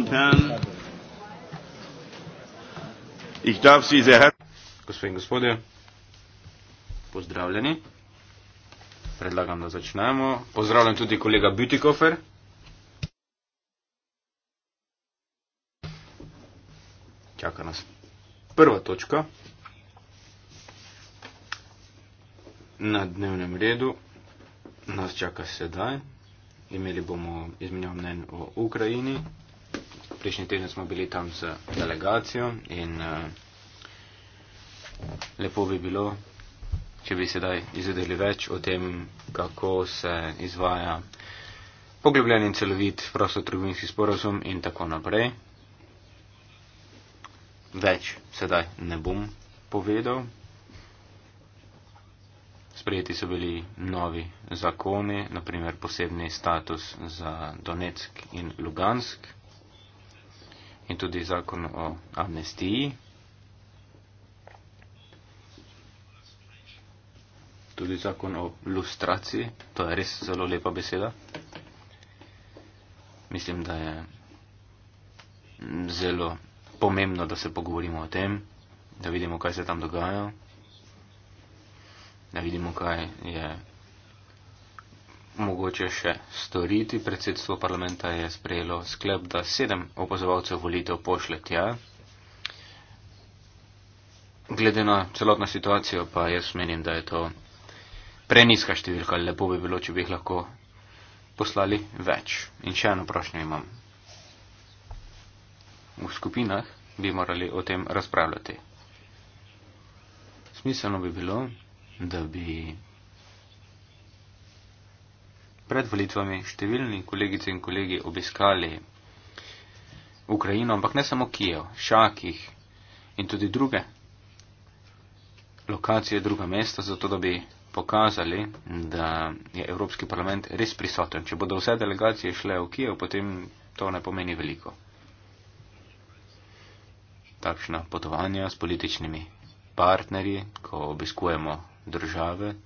und Herren, ich darf Sie sehr herzlich begrüßen. Čaka nas prva točka na dnevnem redu, nas čaka sedaj. Imeli bomo izmenjav mnen o Ukrajini, prejšnji teden smo bili tam z delegacijo in eh, lepo bi bilo, če bi sedaj izvedeli več o tem, kako se izvaja poglobljen in celovit prostotrgovinski sporozum in tako naprej. Več sedaj ne bom povedal. Sprejeti so bili novi zakoni, naprimer posebni status za Donetsk in Lugansk in tudi zakon o amnestiji. Tudi zakon o lustraciji, to je res zelo lepa beseda. Mislim, da je zelo pomembno, da se pogovorimo o tem, da vidimo, kaj se tam dogaja, da vidimo, kaj je mogoče še storiti. Predsedstvo parlamenta je sprejelo sklep, da sedem opozovalcev volitev pošle tja. Glede na celotno situacijo pa jaz menim, da je to preniska številka. Lepo bi bilo, če bi jih lahko poslali več. In še eno prošnjo imam. V skupinah bi morali o tem razpravljati. Smiselno bi bilo, da bi pred volitvami številni kolegice in kolegi obiskali Ukrajino, ampak ne samo Kijev, Šakih in tudi druge lokacije, druga mesta, zato da bi pokazali, da je Evropski parlament res prisoten. Če bodo vse delegacije šle v Kijev, potem to ne pomeni veliko. Takšna potovanja s političnimi partnerji, ko obiskujemo države.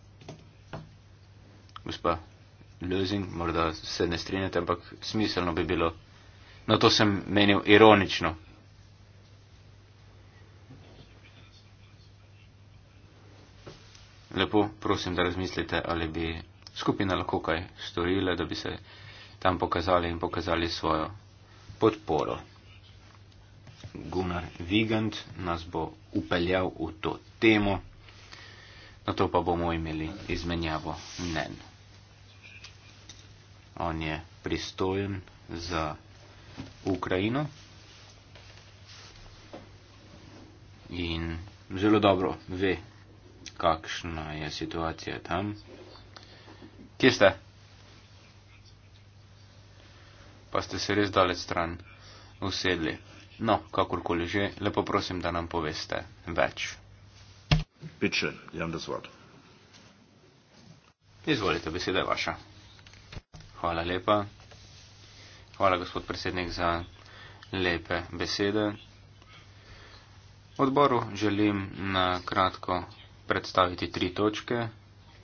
Gospa Losing, morda se ne strinjate, ampak smiselno bi bilo. No, to sem menil ironično. Lepo prosim, da razmislite, ali bi skupina lahko kaj storila, da bi se tam pokazali in pokazali svojo podporo. Gunnar Vigand nas bo upeljal v to temo, na to pa bomo imeli izmenjavo mnen on je pristojen za Ukrajino. In zelo dobro ve, kakšna je situacija tam. Kje ste? Pa ste se res daleč stran usedli. No, kakorkoli že, lepo prosim, da nam poveste več. Piče, jem da zvod. Izvolite, beseda je vaša. Hvala lepa. Hvala, gospod predsednik, za lepe besede. Odboru želim na kratko predstaviti tri točke.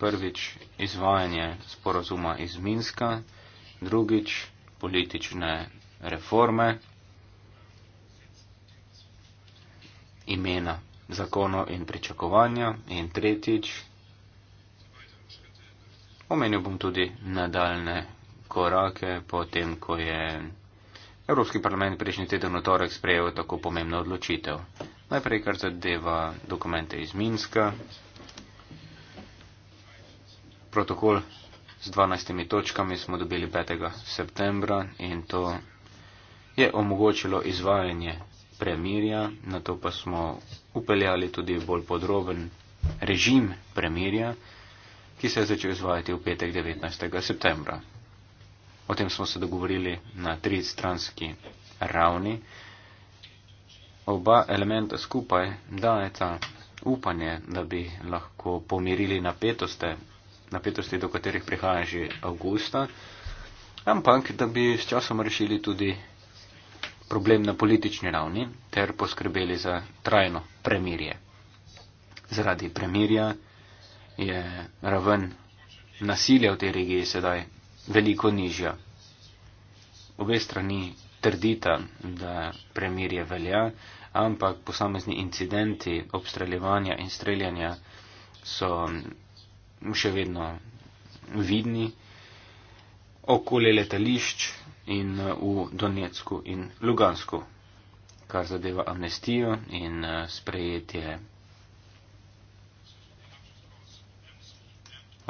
Prvič, izvajanje sporozuma iz Minska. Drugič, politične reforme. Imena zakonov in pričakovanja. In tretjič, omenil bom tudi nadaljne korake potem, ko je Evropski parlament prejšnji teden v torek sprejel tako pomembno odločitev. Najprej, kar zadeva dokumente iz Minska, protokol z 12 točkami smo dobili 5. septembra in to je omogočilo izvajanje premirja, na to pa smo upeljali tudi bolj podroben režim premirja, ki se je začel izvajati v petek 19. septembra. O tem smo se dogovorili na tristranski ravni. Oba elementa skupaj dajeta upanje, da bi lahko pomirili napetoste, napetosti, do katerih prihaja že avgusta, ampak da bi s časom rešili tudi problem na politični ravni ter poskrbeli za trajno premirje. Zaradi premirja je raven nasilja v tej regiji sedaj veliko nižja. Obe strani trdita, da premirje velja, ampak posamezni incidenti obstreljevanja in streljanja so še vedno vidni okoli letališč in v Donetsku in Lugansku, kar zadeva amnestijo in eh, sprejetje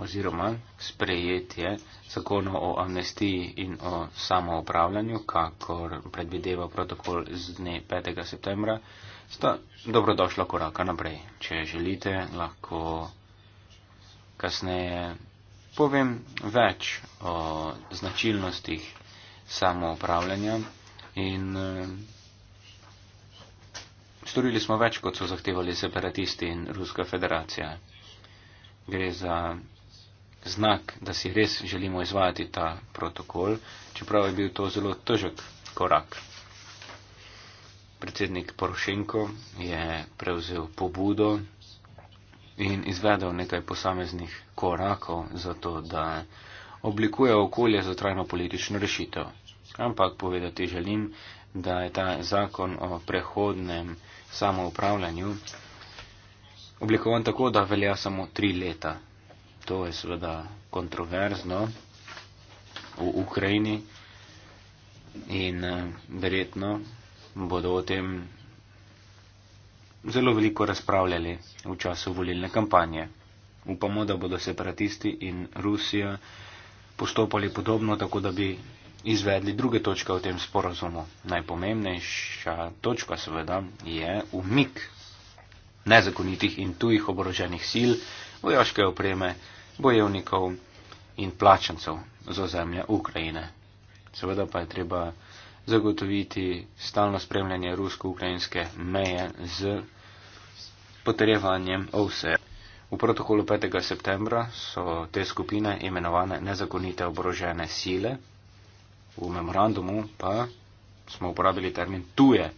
oziroma sprejetje zakona o amnestiji in o samoupravljanju, kakor predvideva protokol z dne 5. septembra, sta dobrodošla koraka naprej. Če želite, lahko kasneje povem več o značilnostih samoupravljanja in eh, storili smo več, kot so zahtevali separatisti in Ruska federacija. Gre za znak, da si res želimo izvajati ta protokol, čeprav je bil to zelo težek korak. Predsednik Porošenko je prevzel pobudo in izvedel nekaj posameznih korakov za to, da oblikuje okolje za trajno politično rešitev. Ampak povedati želim, da je ta zakon o prehodnem samoupravljanju oblikovan tako, da velja samo tri leta, To je seveda kontroverzno v Ukrajini in eh, verjetno bodo o tem zelo veliko razpravljali v času volilne kampanje. Upamo, da bodo separatisti in Rusija postopali podobno, tako da bi izvedli druge točke v tem sporozumu. Najpomembnejša točka seveda je umik nezakonitih in tujih oboroženih sil vojaške opreme, bojevnikov in plačancev z ozemlja Ukrajine. Seveda pa je treba zagotoviti stalno spremljanje rusko-ukrajinske meje z potrjevanjem OVSE. V protokolu 5. septembra so te skupine imenovane nezakonite oborožene sile, v memorandumu pa smo uporabili termin tuje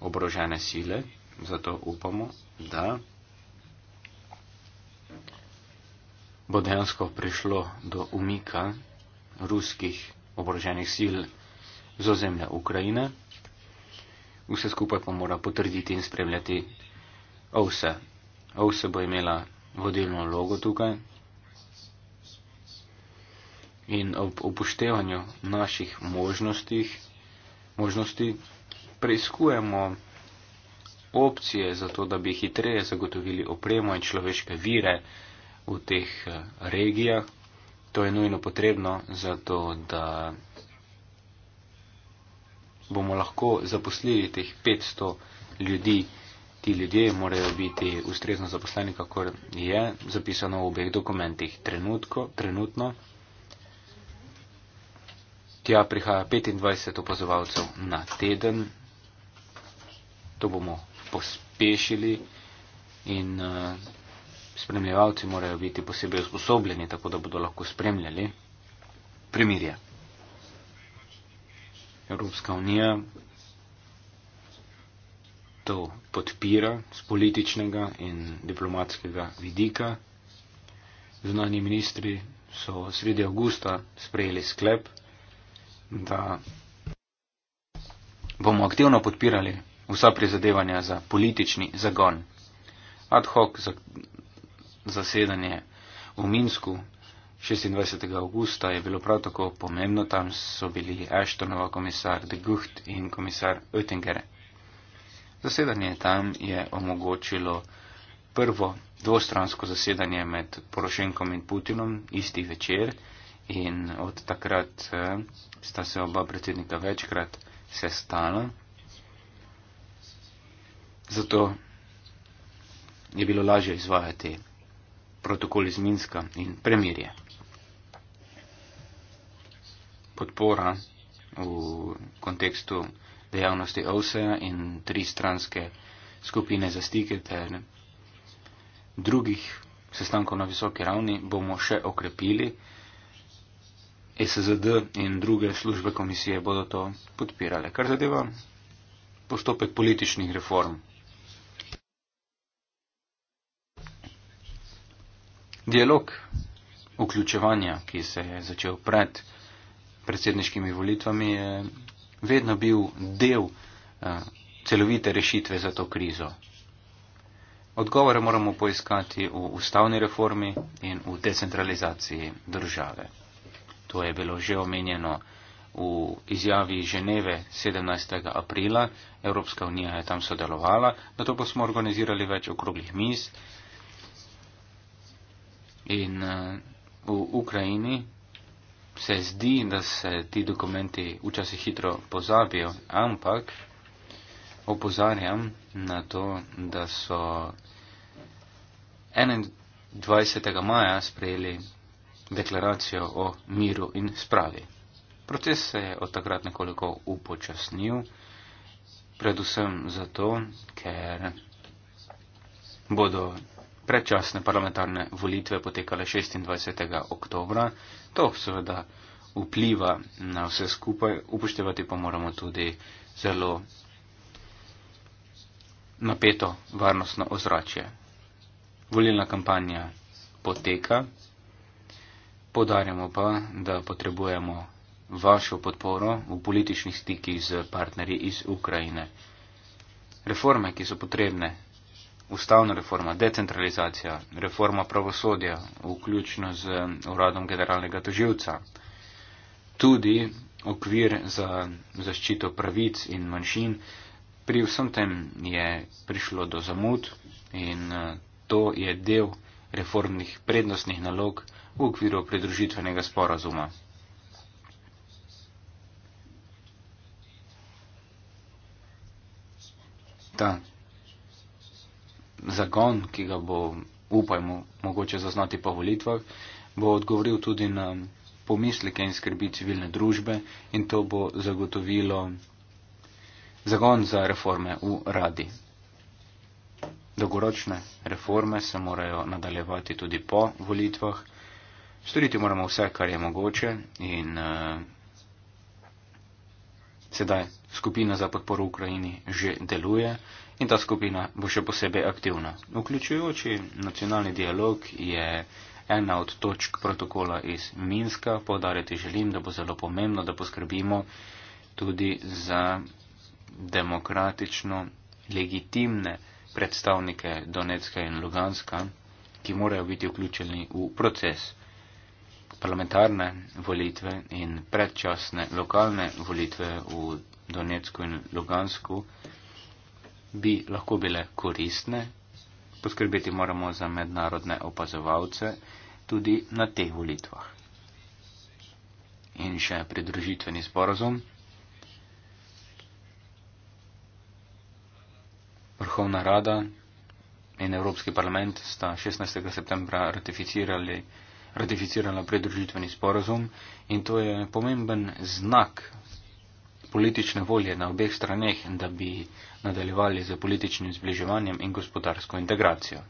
oborožene sile, zato upamo, da bo dejansko prišlo do umika ruskih oboroženih sil z ozemlja Ukrajine. Vse skupaj pa mora potrditi in spremljati OVSE. OVSE bo imela vodilno logo tukaj in ob upoštevanju naših možnostih, možnosti preizkujemo opcije za to, da bi hitreje zagotovili opremo in človeške vire, v teh eh, regijah. To je nujno potrebno, zato da bomo lahko zaposlili teh 500 ljudi. Ti ljudje morajo biti ustrezno zaposleni, kakor je zapisano v obeh dokumentih. Trenutko, trenutno tja prihaja 25 opazovalcev na teden. To bomo pospešili in eh, spremljevalci morajo biti posebej usposobljeni, tako da bodo lahko spremljali primirje. Evropska unija to podpira z političnega in diplomatskega vidika. Zunani ministri so sredi avgusta sprejeli sklep, da bomo aktivno podpirali vsa prizadevanja za politični zagon. Ad hoc zasedanje v Minsku 26. augusta je bilo prav tako pomembno, tam so bili Ashtonova komisar de Gucht in komisar Oettinger. Zasedanje tam je omogočilo prvo dvostransko zasedanje med Porošenkom in Putinom isti večer in od takrat eh, sta se oba predsednika večkrat sestala. Zato je bilo lažje izvajati protokol iz Minska in premirje. Podpora v kontekstu dejavnosti OSEA in tri stranske skupine za stike ter drugih sestankov na visoki ravni bomo še okrepili. SZD in druge službe komisije bodo to podpirale. Kar zadeva postopek političnih reform Dialog vključevanja, ki se je začel pred predsedniškimi volitvami, je vedno bil del eh, celovite rešitve za to krizo. Odgovore moramo poiskati v ustavni reformi in v decentralizaciji države. To je bilo že omenjeno v izjavi Ženeve 17. aprila. Evropska unija je tam sodelovala, zato pa smo organizirali več okroglih mis, In uh, v Ukrajini se zdi, da se ti dokumenti včasih hitro pozabijo, ampak opozarjam na to, da so 21. maja sprejeli deklaracijo o miru in spravi. Proces se je od takrat nekoliko upočasnil, predvsem zato, ker bodo predčasne parlamentarne volitve potekale 26. oktobra. To seveda vpliva na vse skupaj. Upoštevati pa moramo tudi zelo napeto varnostno ozračje. Volilna kampanja poteka. Podarjamo pa, da potrebujemo vašo podporo v političnih stikih z partnerji iz Ukrajine. Reforme, ki so potrebne ustavna reforma, decentralizacija, reforma pravosodja, vključno z uradom generalnega toživca, tudi okvir za zaščito pravic in manjšin, pri vsem tem je prišlo do zamud in eh, to je del reformnih prednostnih nalog v okviru pridružitvenega sporazuma. Da, zagon, ki ga bo, upajmo, mogoče zaznati po volitvah, bo odgovoril tudi na pomislike in skrbi civilne družbe in to bo zagotovilo zagon za reforme v radi. Dolgoročne reforme se morajo nadaljevati tudi po volitvah. Storiti moramo vse, kar je mogoče in uh, sedaj skupina za podporo Ukrajini že deluje in ta skupina bo še posebej aktivna. Vključujoči nacionalni dialog je ena od točk protokola iz Minska. Povdarjati želim, da bo zelo pomembno, da poskrbimo tudi za demokratično legitimne predstavnike Donetska in Luganska, ki morajo biti vključeni v proces parlamentarne volitve in predčasne lokalne volitve v Donetsku in Lugansku, bi lahko bile koristne, poskrbeti moramo za mednarodne opazovalce tudi na teh volitvah. In še pridružitveni sporozum. Vrhovna rada in Evropski parlament sta 16. septembra ratificirala pridružitveni sporozum in to je pomemben znak politične volje na obeh straneh, da bi nadaljevali z političnim zbliževanjem in gospodarsko integracijo.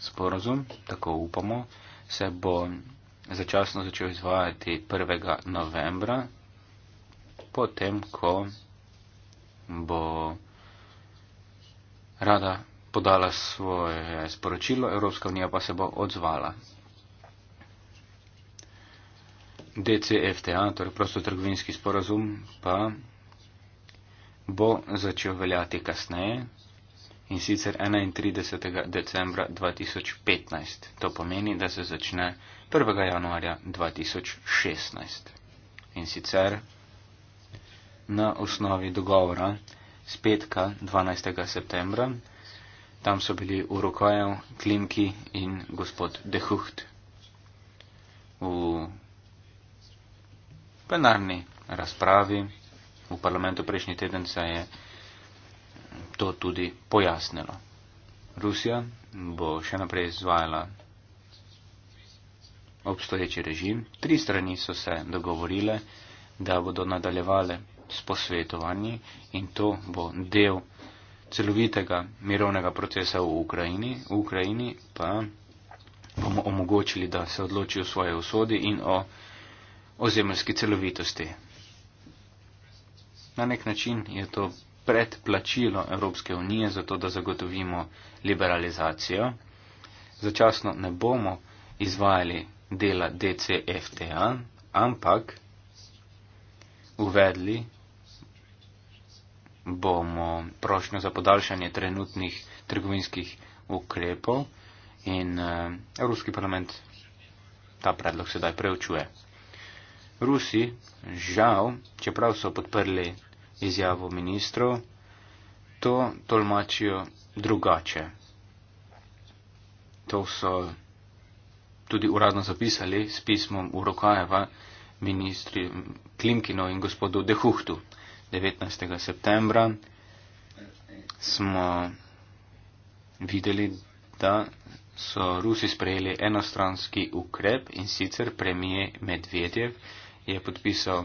Sporazum, tako upamo, se bo začasno začel izvajati 1. novembra, potem, ko bo rada podala svoje sporočilo, Evropska unija pa se bo odzvala. DCFTA, torej prostotrgovinski sporazum, pa bo začel veljati kasneje in sicer 31. decembra 2015. To pomeni, da se začne 1. januarja 2016. In sicer na osnovi dogovora s petka 12. septembra, tam so bili Urokojev, Klimki in gospod Dehucht plenarni razpravi v parlamentu prejšnji teden se je to tudi pojasnilo. Rusija bo še naprej izvajala obstoječi režim. Tri strani so se dogovorile, da bodo nadaljevale s posvetovanji in to bo del celovitega mirovnega procesa v Ukrajini. V Ukrajini pa bomo omogočili, da se odločijo o svoje usodi in o ozemljski celovitosti. Na nek način je to predplačilo Evropske unije za to, da zagotovimo liberalizacijo. Začasno ne bomo izvajali dela DCFTA, ampak uvedli bomo prošnjo za podaljšanje trenutnih trgovinskih ukrepov in eh, Evropski parlament ta predlog sedaj preučuje. Rusi, žal, čeprav so podprli izjavo ministrov, to tolmačijo drugače. To so tudi uradno zapisali s pismom Urokajeva ministri Klimkino in gospodu Dehuhtu. 19. septembra smo videli, da so Rusi sprejeli enostranski ukrep in sicer premije Medvedjev je podpisal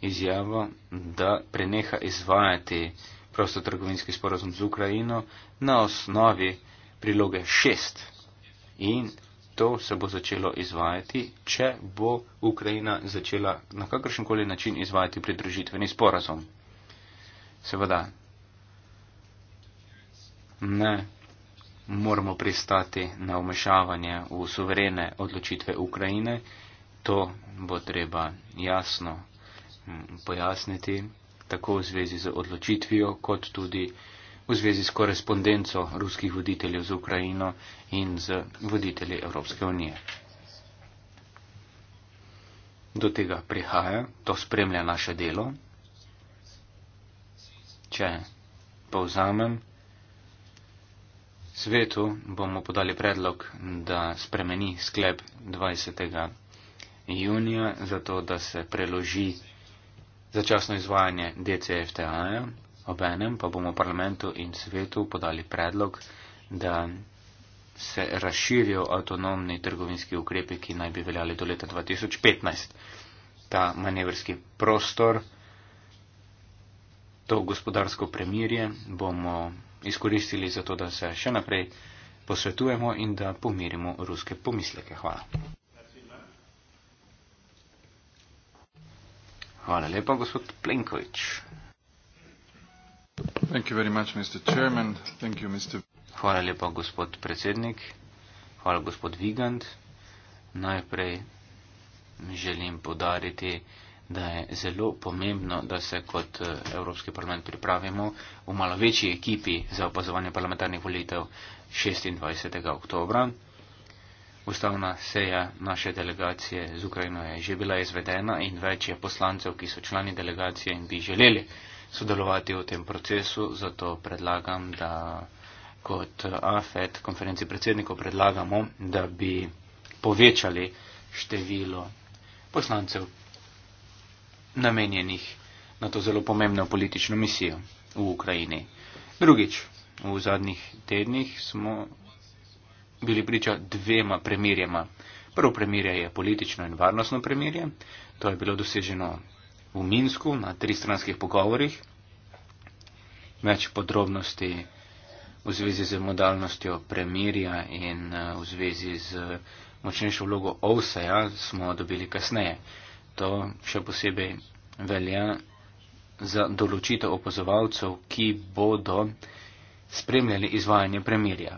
izjavo, da preneha izvajati prostotrgovinski sporozum z Ukrajino na osnovi priloge 6. In to se bo začelo izvajati, če bo Ukrajina začela na kakršen koli način izvajati pridružitveni sporozum. Seveda, ne moramo pristati na umešavanje v suverene odločitve Ukrajine, To bo treba jasno mm, pojasniti, tako v zvezi z odločitvijo, kot tudi v zvezi s korespondenco ruskih voditeljev z Ukrajino in z voditelji Evropske unije. Do tega prihaja, to spremlja naše delo. Če povzamem, svetu bomo podali predlog, da spremeni sklep 20 junija, zato da se preloži začasno izvajanje DCFTA-ja, ob enem pa bomo parlamentu in svetu podali predlog, da se razširijo avtonomni trgovinski ukrepi, ki naj bi veljali do leta 2015. Ta manevrski prostor, to gospodarsko premirje bomo izkoristili za to, da se še naprej posvetujemo in da pomirimo ruske pomisleke. Hvala. Hvala lepa, gospod Plenković. Thank you very much, Mr. Chairman. Thank you, Mr. Hvala lepa, gospod predsednik. Hvala, gospod Vigand. Najprej želim podariti, da je zelo pomembno, da se kot eh, Evropski parlament pripravimo v malo večji ekipi za opazovanje parlamentarnih volitev 26. oktobra. Ustavna seja naše delegacije z Ukrajino je že bila izvedena in več je poslancev, ki so člani delegacije in bi želeli sodelovati v tem procesu, zato predlagam, da kot AFED konferenci predsednikov predlagamo, da bi povečali število poslancev namenjenih na to zelo pomembno politično misijo v Ukrajini. Drugič, v zadnjih tednih smo bili priča dvema premirjema. Prvo premirje je politično in varnostno premirje. To je bilo doseženo v Minsku na tristranskih pogovorih. Več podrobnosti v zvezi z modalnostjo premirja in eh, v zvezi z močnejšo vlogo OVSA-ja smo dobili kasneje. To še posebej velja za določitev opozovalcev, ki bodo spremljali izvajanje premirja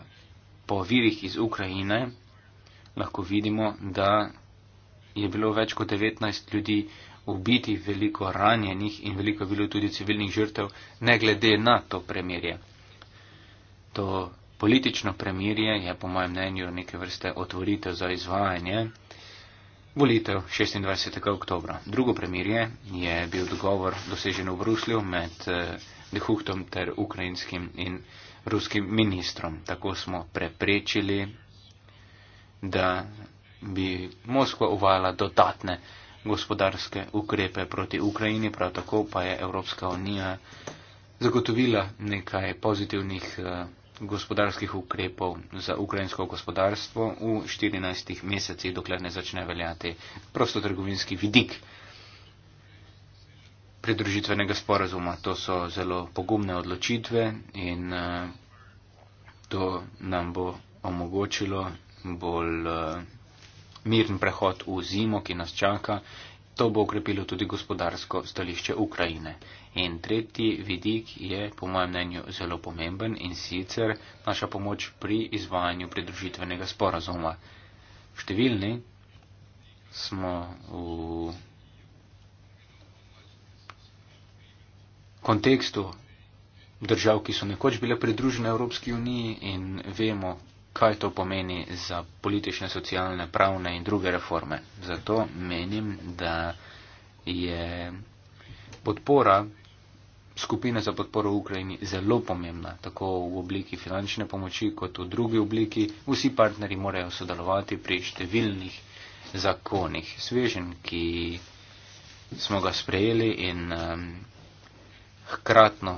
po virih iz Ukrajine lahko vidimo, da je bilo več kot 19 ljudi ubiti, veliko ranjenih in veliko je bilo tudi civilnih žrtev, ne glede na to premirje. To politično premirje je po mojem mnenju neke vrste otvoritev za izvajanje volitev 26. oktober. Drugo premirje je bil dogovor dosežen v Bruslju med eh, Dehuhtom ter ukrajinskim in ruskim ministrom. Tako smo preprečili, da bi Moskva uvala dodatne gospodarske ukrepe proti Ukrajini, prav tako pa je Evropska unija zagotovila nekaj pozitivnih eh, gospodarskih ukrepov za ukrajinsko gospodarstvo v 14 mesecih, dokler ne začne veljati prostotrgovinski vidik pridružitvenega sporazuma. To so zelo pogumne odločitve in eh, to nam bo omogočilo bolj eh, mirn prehod v zimo, ki nas čaka. To bo ukrepilo tudi gospodarsko stališče Ukrajine. In tretji vidik je, po mojem mnenju, zelo pomemben in sicer naša pomoč pri izvajanju pridružitvenega sporazuma. Številni smo v kontekstu držav, ki so nekoč bile pridružene Evropski uniji in vemo, kaj to pomeni za politične, socialne, pravne in druge reforme. Zato menim, da je podpora skupine za podporo Ukrajini zelo pomembna, tako v obliki finančne pomoči, kot v drugi obliki. Vsi partnerji morajo sodelovati pri številnih zakonih. Svežen, ki smo ga sprejeli in um, hkratno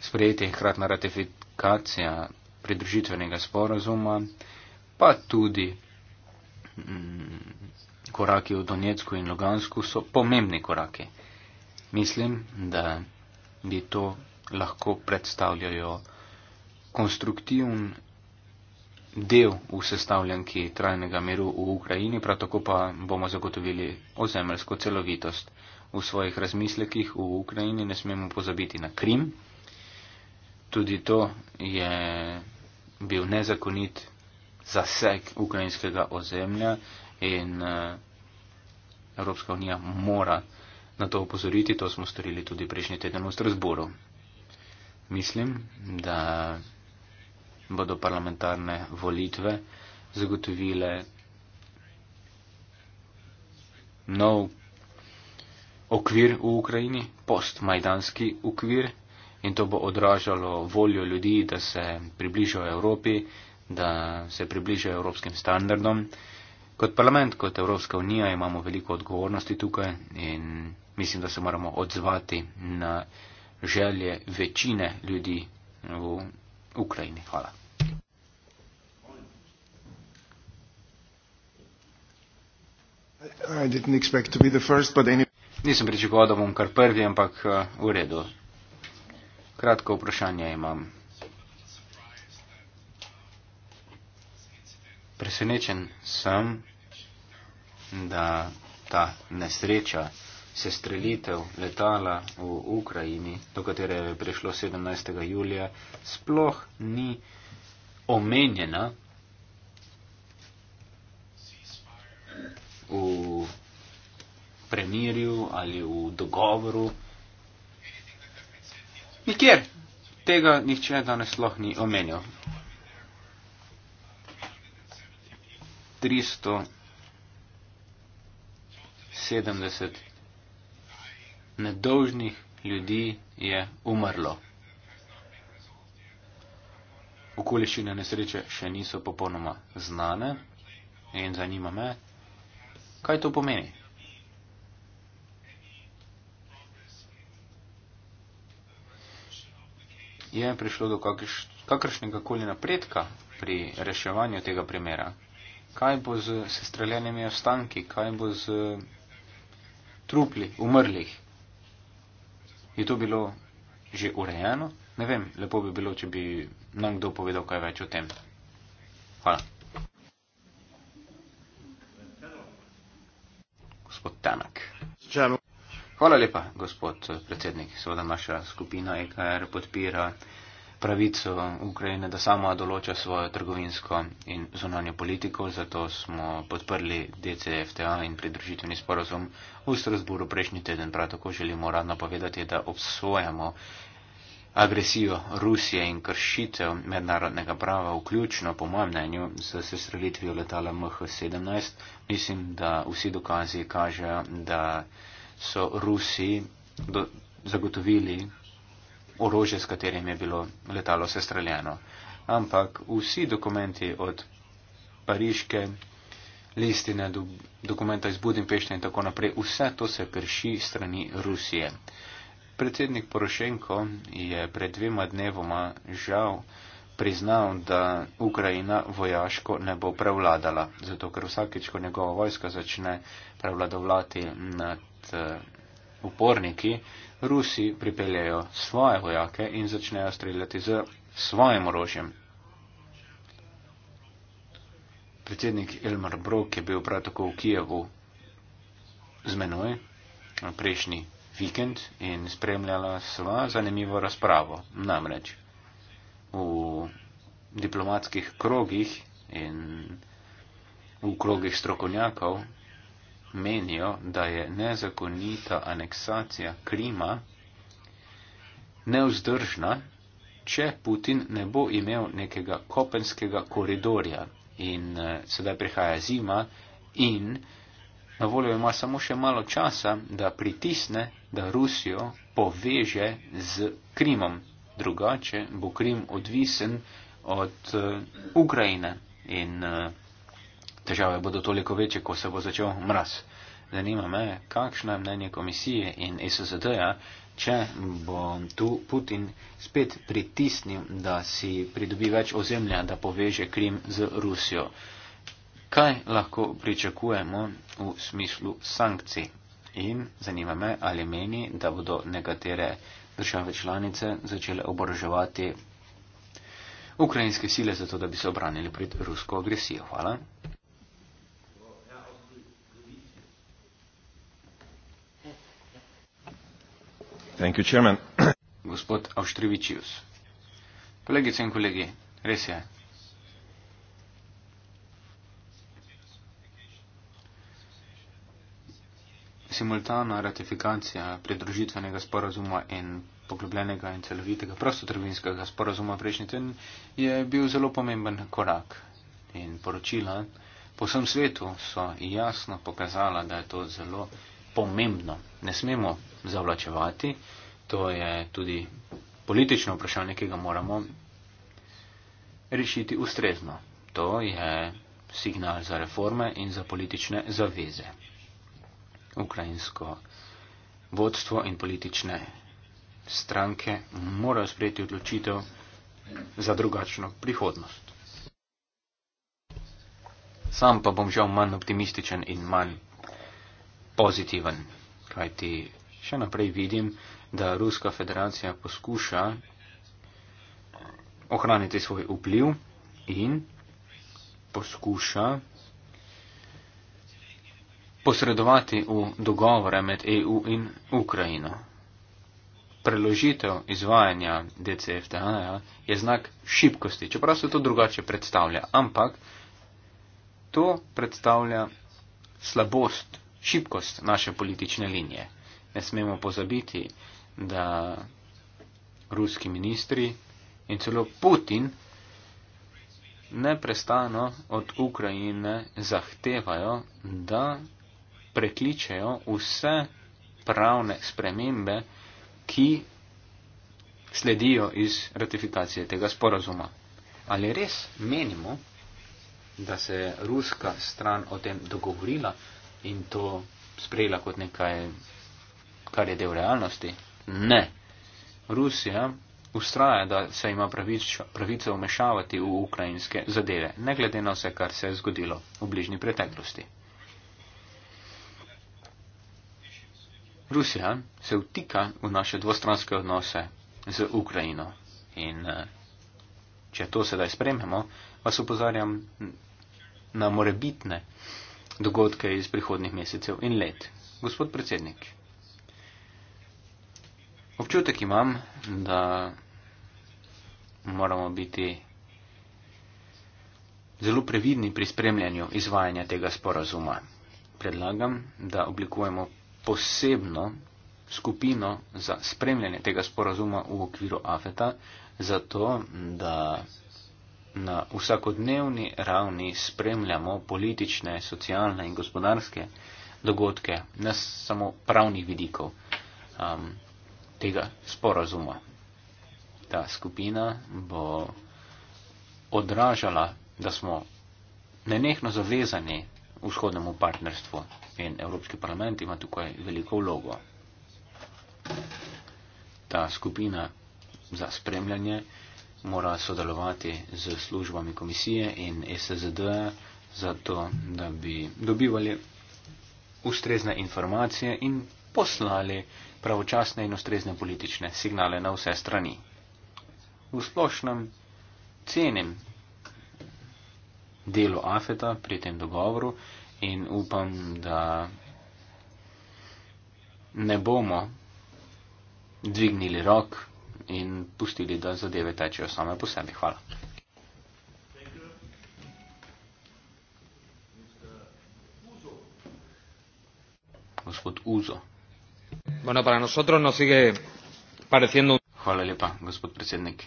sprejetje in hkratna ratifikacija pridružitvenega sporazuma, pa tudi mm, koraki v Donetsku in Lugansku so pomembni koraki. Mislim, da bi to lahko predstavljajo konstruktivn del v sestavljanki trajnega miru v Ukrajini, prav tako pa bomo zagotovili ozemelsko celovitost v svojih razmislekih v Ukrajini, ne smemo pozabiti na Krim. Tudi to je bil nezakonit zaseg ukrajinskega ozemlja in eh, Evropska unija mora na to upozoriti, to smo storili tudi prejšnji teden v Strasburu. Mislim, da bodo parlamentarne volitve zagotovile nov okvir v Ukrajini, postmajdanski okvir in to bo odražalo voljo ljudi, da se približajo Evropi, da se približajo evropskim standardom. Kot parlament, kot Evropska unija imamo veliko odgovornosti tukaj in mislim, da se moramo odzvati na želje večine ljudi v Ukrajini. Hvala. I didn't expect to be the first, but anyway. Nisem pričakoval, da bom kar prvi, ampak eh, v redu. Kratko vprašanje imam. Presenečen sem, da ta nesreča, sestrelitev letala v Ukrajini, do katere je prišlo 17. julija, sploh ni omenjena v premirju ali v dogovoru. Nikjer tega nihče danes sploh ni omenjal. 370 nedolžnih ljudi je umrlo. Okoliščine nesreče še niso popolnoma znane in zanima me, kaj to pomeni. je prišlo do kakš, kakršnega koli napredka pri reševanju tega primera? Kaj bo z sestreljenimi ostanki, kaj bo z trupli umrlih? Je to bilo že urejeno? Ne vem, lepo bi bilo, če bi nam kdo povedal kaj več o tem. Hvala. Gospod Tanak. Hvala lepa, gospod predsednik. Seveda naša skupina EKR podpira pravico Ukrajine, da sama določa svojo trgovinsko in zunanjo politiko. Zato smo podprli DCFTA in pridružitveni sporozum v Strasburu prejšnji teden. Prav tako želimo radno povedati, da obsojamo agresijo Rusije in kršitev mednarodnega prava, vključno po mojem mnenju z sestrelitvijo letala MH17. Mislim, da vsi dokazi kažejo, da so Rusi do, zagotovili orože, s katerim je bilo letalo sestreljeno. Ampak vsi dokumenti od pariške listine, do, dokumenta iz Budimpešte in tako naprej, vse to se krši strani Rusije. Predsednik Porošenko je pred dvema dnevoma žal priznal, da Ukrajina vojaško ne bo prevladala, zato ker vsakeč, ko njegova vojska začne prevladovati nad Eh, uporniki, Rusi pripeljejo svoje vojake in začnejo streljati z svojim orožjem. Predsednik Elmar Brok je bil prav tako v Kijevu z menoj prejšnji vikend in spremljala sva zanimivo razpravo. Namreč v diplomatskih krogih in v krogih strokovnjakov menijo, da je nezakonita aneksacija Krima neuzdržna, če Putin ne bo imel nekega kopenskega koridorja. In eh, sedaj prihaja zima in na voljo ima samo še malo časa, da pritisne, da Rusijo poveže z Krimom. Drugače bo Krim odvisen od eh, Ukrajine. In, eh, Težave bodo toliko večje, ko se bo začel mraz. Zanima me, kakšno je mnenje komisije in SSD-ja, če bo tu Putin spet pritisnil, da si pridobi več ozemlja, da poveže Krim z Rusijo. Kaj lahko pričakujemo v smislu sankcij? In zanima me, ali meni, da bodo nekatere države članice začele oboroževati ukrajinske sile, zato da bi se obranili pred rusko agresijo. Hvala. Thank you, Chairman. Gospod Avštrivičius. Kolegice in kolegi, res je. Simultana ratifikacija pridružitvenega sporazuma in poglobljenega in celovitega prostotrvinskega sporazuma prejšnji teden je bil zelo pomemben korak. In poročila po vsem svetu so jasno pokazala, da je to zelo pomembno. Ne smemo zavlačevati, to je tudi politično vprašanje, ki ga moramo rešiti ustrezno. To je signal za reforme in za politične zaveze. Ukrajinsko vodstvo in politične stranke morajo sprejeti odločitev za drugačno prihodnost. Sam pa bom žal manj optimističen in manj pozitiven, kajti še naprej vidim, da Ruska federacija poskuša ohraniti svoj vpliv in poskuša posredovati v dogovore med EU in Ukrajino. Preložitev izvajanja DCFTA je znak šibkosti, čeprav se to drugače predstavlja, ampak to predstavlja slabost šibkost naše politične linije. Ne smemo pozabiti, da ruski ministri in celo Putin neprestano od Ukrajine zahtevajo, da prekličejo vse pravne spremembe, ki sledijo iz ratifikacije tega sporazuma. Ali res menimo, da se je ruska stran o tem dogovorila, in to sprejela kot nekaj, kar je del realnosti. Ne. Rusija ustraja, da se ima pravico vmešavati v ukrajinske zadeve, ne glede na vse, kar se je zgodilo v bližnji preteklosti. Rusija se vtika v naše dvostranske odnose z Ukrajino in eh, če to sedaj spremljamo, vas upozarjam na morebitne dogodke iz prihodnih mesecev in let. Gospod predsednik, občutek imam, da moramo biti zelo previdni pri spremljanju izvajanja tega sporazuma. Predlagam, da oblikujemo posebno skupino za spremljanje tega sporazuma v okviru AFETA, zato da na vsakodnevni ravni spremljamo politične, socialne in gospodarske dogodke, ne samo pravnih vidikov um, tega sporazuma. Ta skupina bo odražala, da smo nenehno zavezani vzhodnemu partnerstvu in Evropski parlament ima tukaj veliko vlogo. Ta skupina za spremljanje mora sodelovati z službami komisije in SSD, zato da bi dobivali ustrezne informacije in poslali pravočasne in ustrezne politične signale na vse strani. V splošnem cenim delo AFETA pri tem dogovoru in upam, da ne bomo dvignili rok in pustili, da zadeve tečejo same po sebi. Hvala. Gospod Uzo. Bueno, para nosotros nos sigue pareciendo. Hvala lepa, gospod predsednik.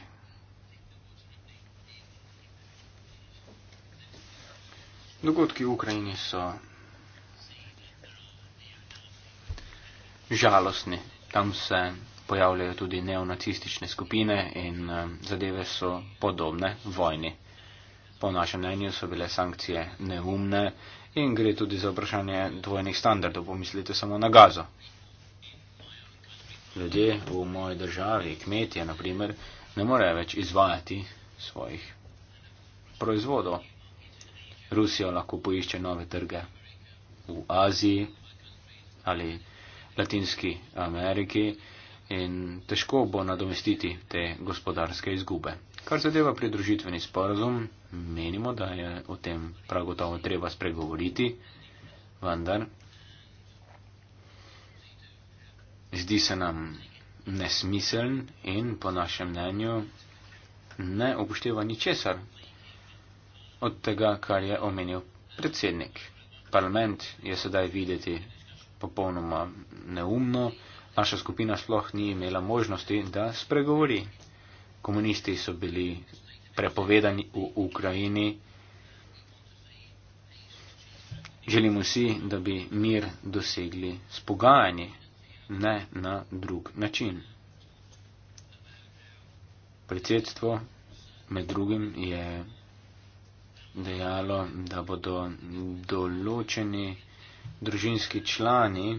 Dogodki v Ukrajini so žalostni. Tam se pojavljajo tudi neonacistične skupine in eh, zadeve so podobne vojni. Po našem mnenju so bile sankcije neumne in gre tudi za vprašanje dvojnih standardov. Pomislite samo na gazo. Ljudje v moji državi, kmetje naprimer, ne morejo več izvajati svojih proizvodov. Rusijo lahko poišče nove trge v Aziji ali Latinski Ameriki in težko bo nadomestiti te gospodarske izgube. Kar zadeva pridružitveni sporazum, menimo, da je o tem prav gotovo treba spregovoriti, vendar zdi se nam nesmiseln in po našem mnenju ne upošteva ničesar od tega, kar je omenil predsednik. Parlament je sedaj videti popolnoma neumno, naša skupina sploh ni imela možnosti, da spregovori. Komunisti so bili prepovedani v Ukrajini. Želimo si, da bi mir dosegli s pogajanji, ne na drug način. Predsedstvo med drugim je dejalo, da bodo določeni družinski člani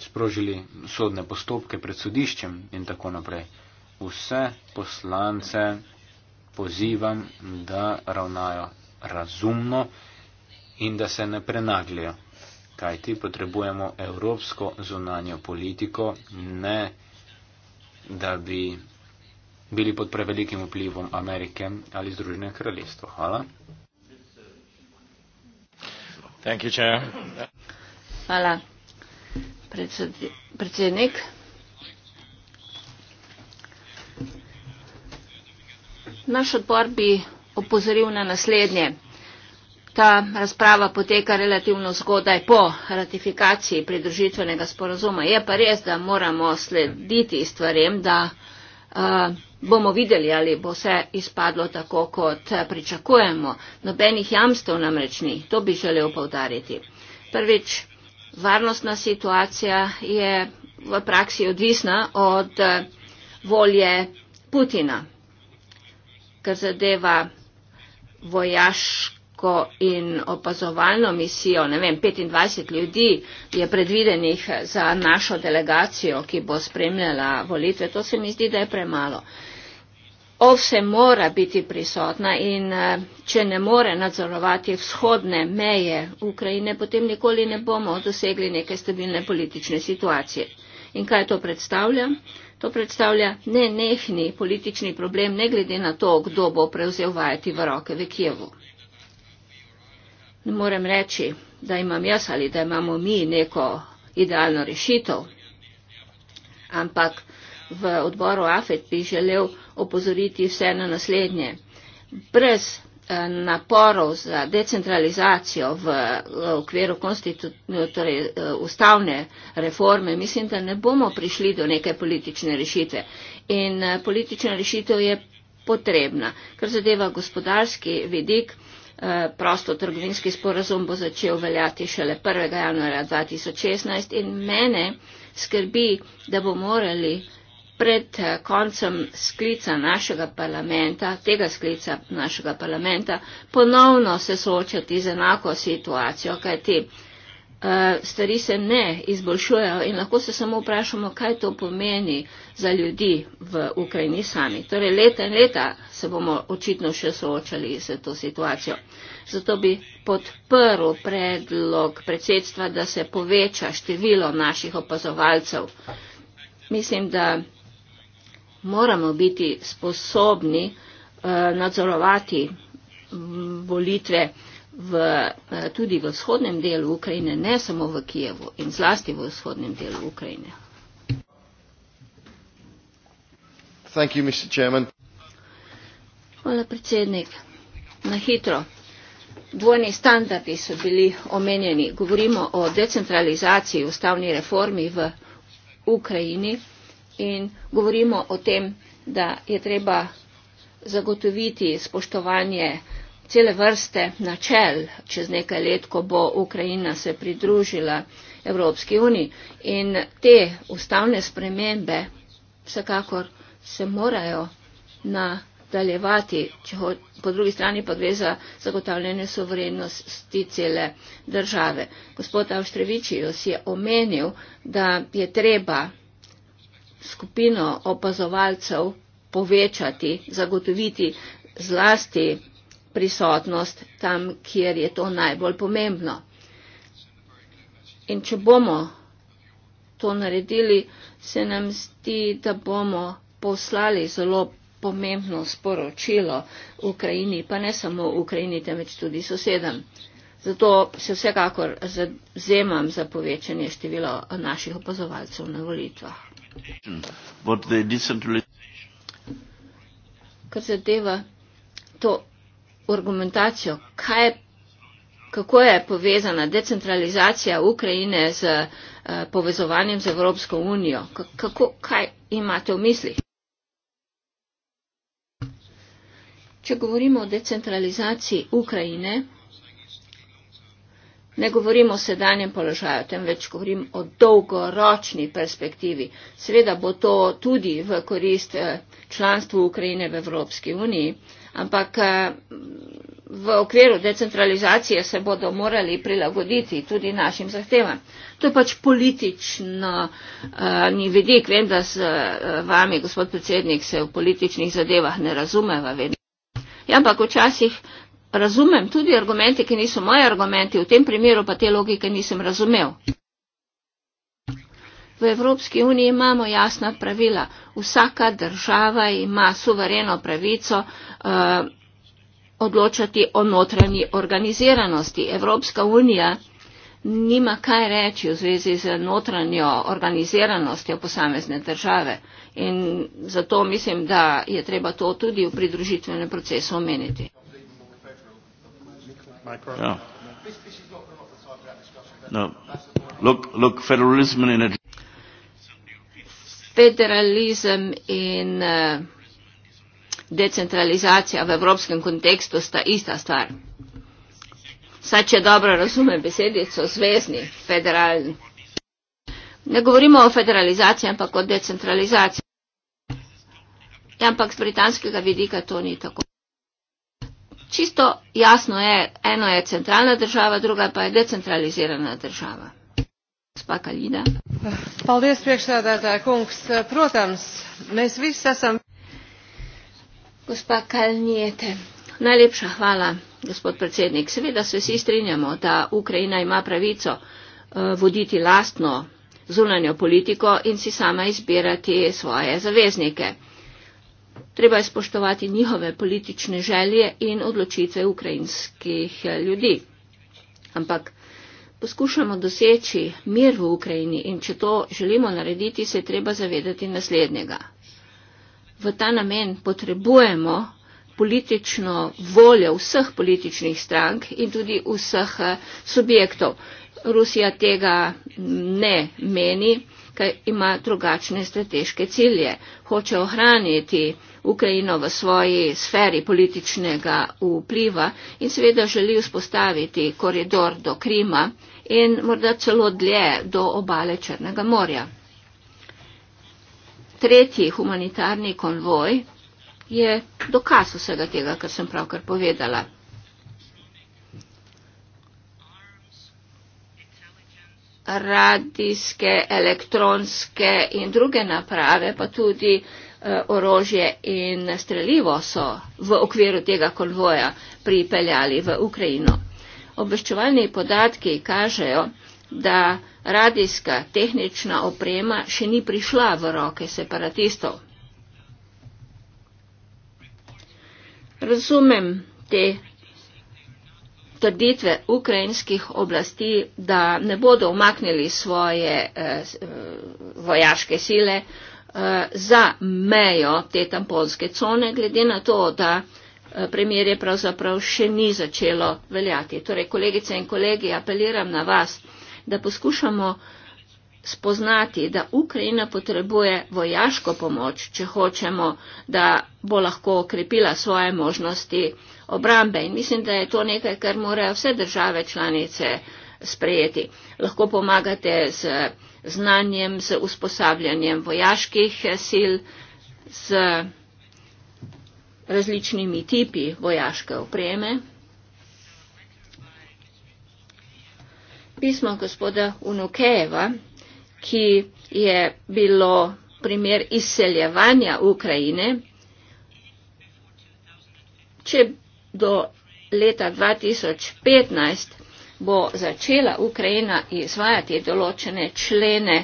sprožili sodne postopke pred sodiščem in tako naprej. Vse poslance pozivam, da ravnajo razumno in da se ne prenagljajo, kajti potrebujemo evropsko zunanjo politiko, ne da bi bili pod prevelikim vplivom Amerike ali Združenem kraljestvu. Hvala. Thank you, Chair. Hvala predsednik. Naš odbor bi opozoril na naslednje. Ta razprava poteka relativno zgodaj po ratifikaciji pridružitvenega sporozuma. Je pa res, da moramo slediti stvarem, da uh, bomo videli, ali bo vse izpadlo tako, kot pričakujemo. Nobenih jamstev namreč ni. To bi želel povdariti. Prvič, varnostna situacija je v praksi odvisna od eh, volje Putina, kar zadeva vojaško in opazovalno misijo, ne vem, 25 ljudi je predvidenih za našo delegacijo, ki bo spremljala volitve. To se mi zdi, da je premalo. OVSE mora biti prisotna in eh, če ne more nadzorovati vzhodne meje Ukrajine, potem nikoli ne bomo dosegli neke stabilne politične situacije. In kaj to predstavlja? To predstavlja nenehni politični problem, ne glede na to, kdo bo prevzel vajeti v roke v Kijevu. Ne morem reči, da imam jaz ali da imamo mi neko idealno rešitev, ampak v odboru AFET bi želel opozoriti vse na naslednje. Brez eh, naporov za decentralizacijo v eh, okviru torej, eh, ustavne reforme, mislim, da ne bomo prišli do neke politične rešitve. In politična rešitev je potrebna. Kar zadeva gospodarski vidik, prosto trgovinski sporazum bo začel veljati šele 1. januarja 2016 in mene skrbi, da bo morali pred eh, koncem sklica našega parlamenta, tega sklica našega parlamenta, ponovno se soočati z enako situacijo, kajti eh, stvari se ne izboljšujejo in lahko se samo vprašamo, kaj to pomeni za ljudi v Ukrajini sami. Torej, leta in leta se bomo očitno še soočali z to situacijo. Zato bi podprl predlog predsedstva, da se poveča število naših opazovalcev. Mislim, da moramo biti sposobni eh, nadzorovati mm, volitve v, eh, tudi v vzhodnem delu Ukrajine, ne samo v Kijevu in zlasti v vzhodnem delu Ukrajine. You, Hvala, predsednik. Na hitro. Dvojni standardi so bili omenjeni. Govorimo o decentralizaciji ustavni reformi v Ukrajini in govorimo o tem, da je treba zagotoviti spoštovanje cele vrste načel čez nekaj let, ko bo Ukrajina se pridružila Evropski uniji. In te ustavne spremembe vsekakor se morajo nadaljevati, če ho, po drugi strani pa gre za zagotavljanje sovrednosti cele države. Gospod Avštrevičijo si je omenil, da je treba skupino opazovalcev povečati, zagotoviti zlasti prisotnost tam, kjer je to najbolj pomembno. In če bomo to naredili, se nam zdi, da bomo poslali zelo pomembno sporočilo Ukrajini, pa ne samo Ukrajini, temveč tudi sosedem. Zato se vsekakor zazemam za povečanje števila naših opazovalcev na volitvah. Kar zadeva to argumentacijo, je, kako je povezana decentralizacija Ukrajine z uh, povezovanjem z Evropsko unijo, K kako, kaj imate v mislih? Če govorimo o decentralizaciji Ukrajine, Ne govorim o sedanjem položaju, temveč govorim o dolgoročni perspektivi. Seveda bo to tudi v korist eh, članstvu Ukrajine v Evropski uniji, ampak eh, v okviru decentralizacije se bodo morali prilagoditi tudi našim zahtevam. To je pač politično eh, ni vidik. Vem, da z vami, gospod predsednik, se v političnih zadevah ne razumeva vedno. Ja, ampak včasih razumem tudi argumente, ki niso moji argumenti, v tem primeru pa te logike nisem razumel. V Evropski uniji imamo jasna pravila. Vsaka država ima suvereno pravico uh, odločati o notranji organiziranosti. Evropska unija nima kaj reči v zvezi z notranjo organiziranostjo posamezne države. In zato mislim, da je treba to tudi v pridružitvenem procesu omeniti microphone. Yeah. This, this is not, not no. the time for that discussion. No. Look, look, federalism in a... Federalizem in uh, decentralizacija v evropskem kontekstu sta ista stvar. Saj, če dobro razumem besedico, zvezni, federalni. Ne govorimo o federalizaciji, ampak o decentralizaciji. Ja, ampak z britanskega vidika to ni tako čisto jasno je, eno je centralna država, druga pa je decentralizirana država. Gospa Kalida. Paldies, priekšsēdētā kungs. Protams, mēs visi esam. Gospa Kalniete. Najlepša hvala, gospod predsednik. Seveda se vsi strinjamo, da Ukrajina ima pravico eh, voditi lastno zunanjo politiko in si sama izbirati svoje zaveznike. Treba je spoštovati njihove politične želje in odločitve ukrajinskih eh, ljudi. Ampak poskušamo doseči mir v Ukrajini in če to želimo narediti, se je treba zavedati naslednjega. V ta namen potrebujemo politično voljo vseh političnih strank in tudi vseh eh, subjektov. Rusija tega ne meni ker ima drugačne strateške cilje. Hoče ohraniti Ukrajino v svoji sferi političnega vpliva in seveda želi vzpostaviti koridor do Krima in morda celo dlje do obale Črnega morja. Tretji humanitarni konvoj je dokaz vsega tega, kar sem pravkar povedala. radijske, elektronske in druge naprave, pa tudi eh, orožje in streljivo so v okviru tega konvoja pripeljali v Ukrajino. Obveščevalni podatki kažejo, da radijska tehnična oprema še ni prišla v roke separatistov. Razumem te trditve ukrajinskih oblasti, da ne bodo umaknili svoje eh, eh, vojaške sile eh, za mejo te tamponske cone, glede na to, da eh, premjer je pravzaprav še ni začelo veljati. Torej, kolegice in kolegi, apeliram na vas, da poskušamo eh, spoznati, da Ukrajina potrebuje vojaško pomoč, če hočemo, da bo lahko okrepila svoje možnosti obrambe. In mislim, da je to nekaj, kar morajo vse države članice sprejeti. Lahko pomagate z znanjem, z usposabljanjem vojaških sil, z različnimi tipi vojaške opreme. Pismo gospoda Unukejeva ki je bilo primer izseljevanja Ukrajine, če do leta 2015 bo začela Ukrajina izvajati določene člene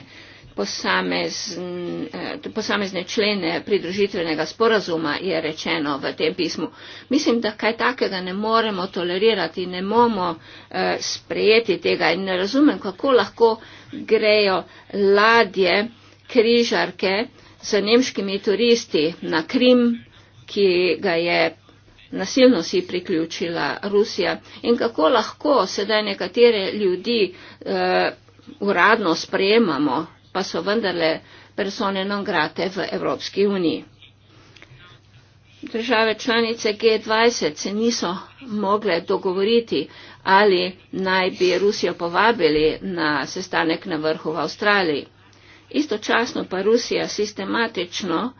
posamezn, eh, posamezne člene pridružitvenega sporazuma, je rečeno v tem pismu. Mislim, da kaj takega ne moremo tolerirati, ne moramo eh, sprejeti tega in ne razumem, kako lahko grejo ladje, križarke z nemškimi turisti na Krim, ki ga je nasilno si priključila Rusija in kako lahko sedaj nekatere ljudi uh, uradno sprejemamo pa so vendarle persone non grate v Evropski uniji. Države članice G20 se niso mogle dogovoriti, ali naj bi Rusijo povabili na sestanek na vrhu v Avstraliji. Istočasno pa Rusija sistematično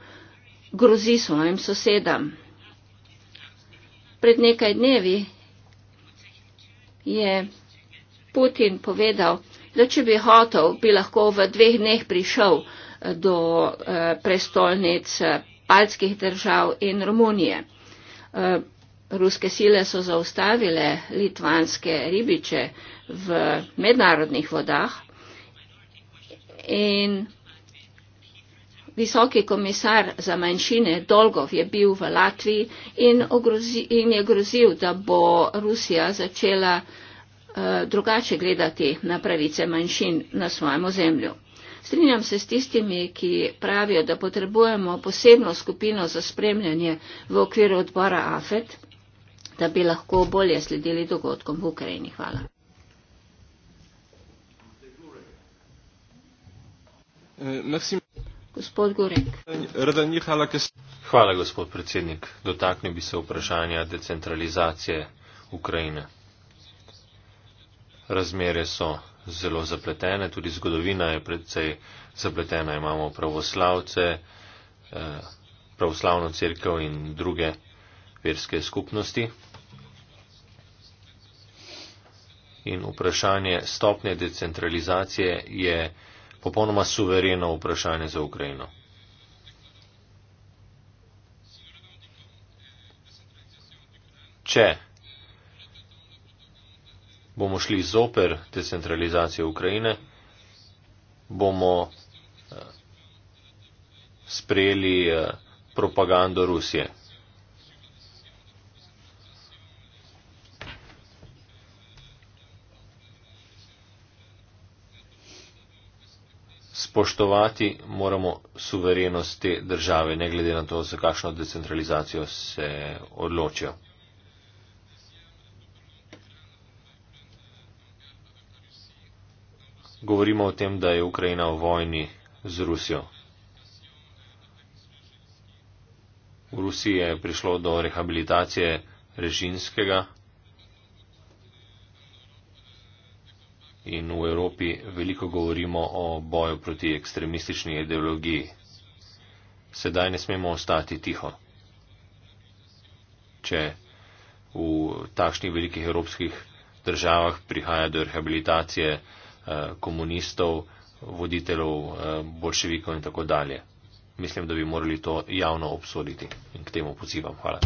grozi svojim sosedam. Pred nekaj dnevi je Putin povedal, da če bi hotel, bi lahko v dveh dneh prišel eh, do eh, prestolnic eh, baltskih držav in Romunije. Ruske sile so zaustavile litvanske ribiče v mednarodnih vodah in visoki komisar za manjšine Dolgov je bil v Latviji in, ogrozi, in je grozil, da bo Rusija začela uh, Eh, drugače gledati na pravice manjšin na svojem ozemlju. Strinjam se s tistimi, ki pravijo, da potrebujemo posebno skupino za spremljanje v okviru odbora AFET, da bi lahko bolje sledili dogodkom v Ukrajini. Hvala. Hvala, gospod predsednik. Dotaknil bi se vprašanja decentralizacije Ukrajine razmere so zelo zapletene, tudi zgodovina je predvsej zapletena. Imamo pravoslavce, eh, pravoslavno crkvo in druge verske skupnosti. In vprašanje stopnje decentralizacije je popolnoma suvereno vprašanje za Ukrajino. Če bomo šli zoper decentralizacijo Ukrajine, bomo eh, sprejeli eh, propagando Rusije. Spoštovati moramo suverenost te države, ne glede na to, za kakšno decentralizacijo se odločijo. govorimo o tem, da je Ukrajina v vojni z Rusijo. V Rusiji je prišlo do rehabilitacije režimskega in v Evropi veliko govorimo o boju proti ekstremistični ideologiji. Sedaj ne smemo ostati tiho. Če v takšnih velikih evropskih državah prihaja do rehabilitacije režimskega, Eh, komunistov, voditeljev eh, bolševikov in tako dalje. Mislim, da bi morali to javno obsoditi in k temu pozivam. Hvala.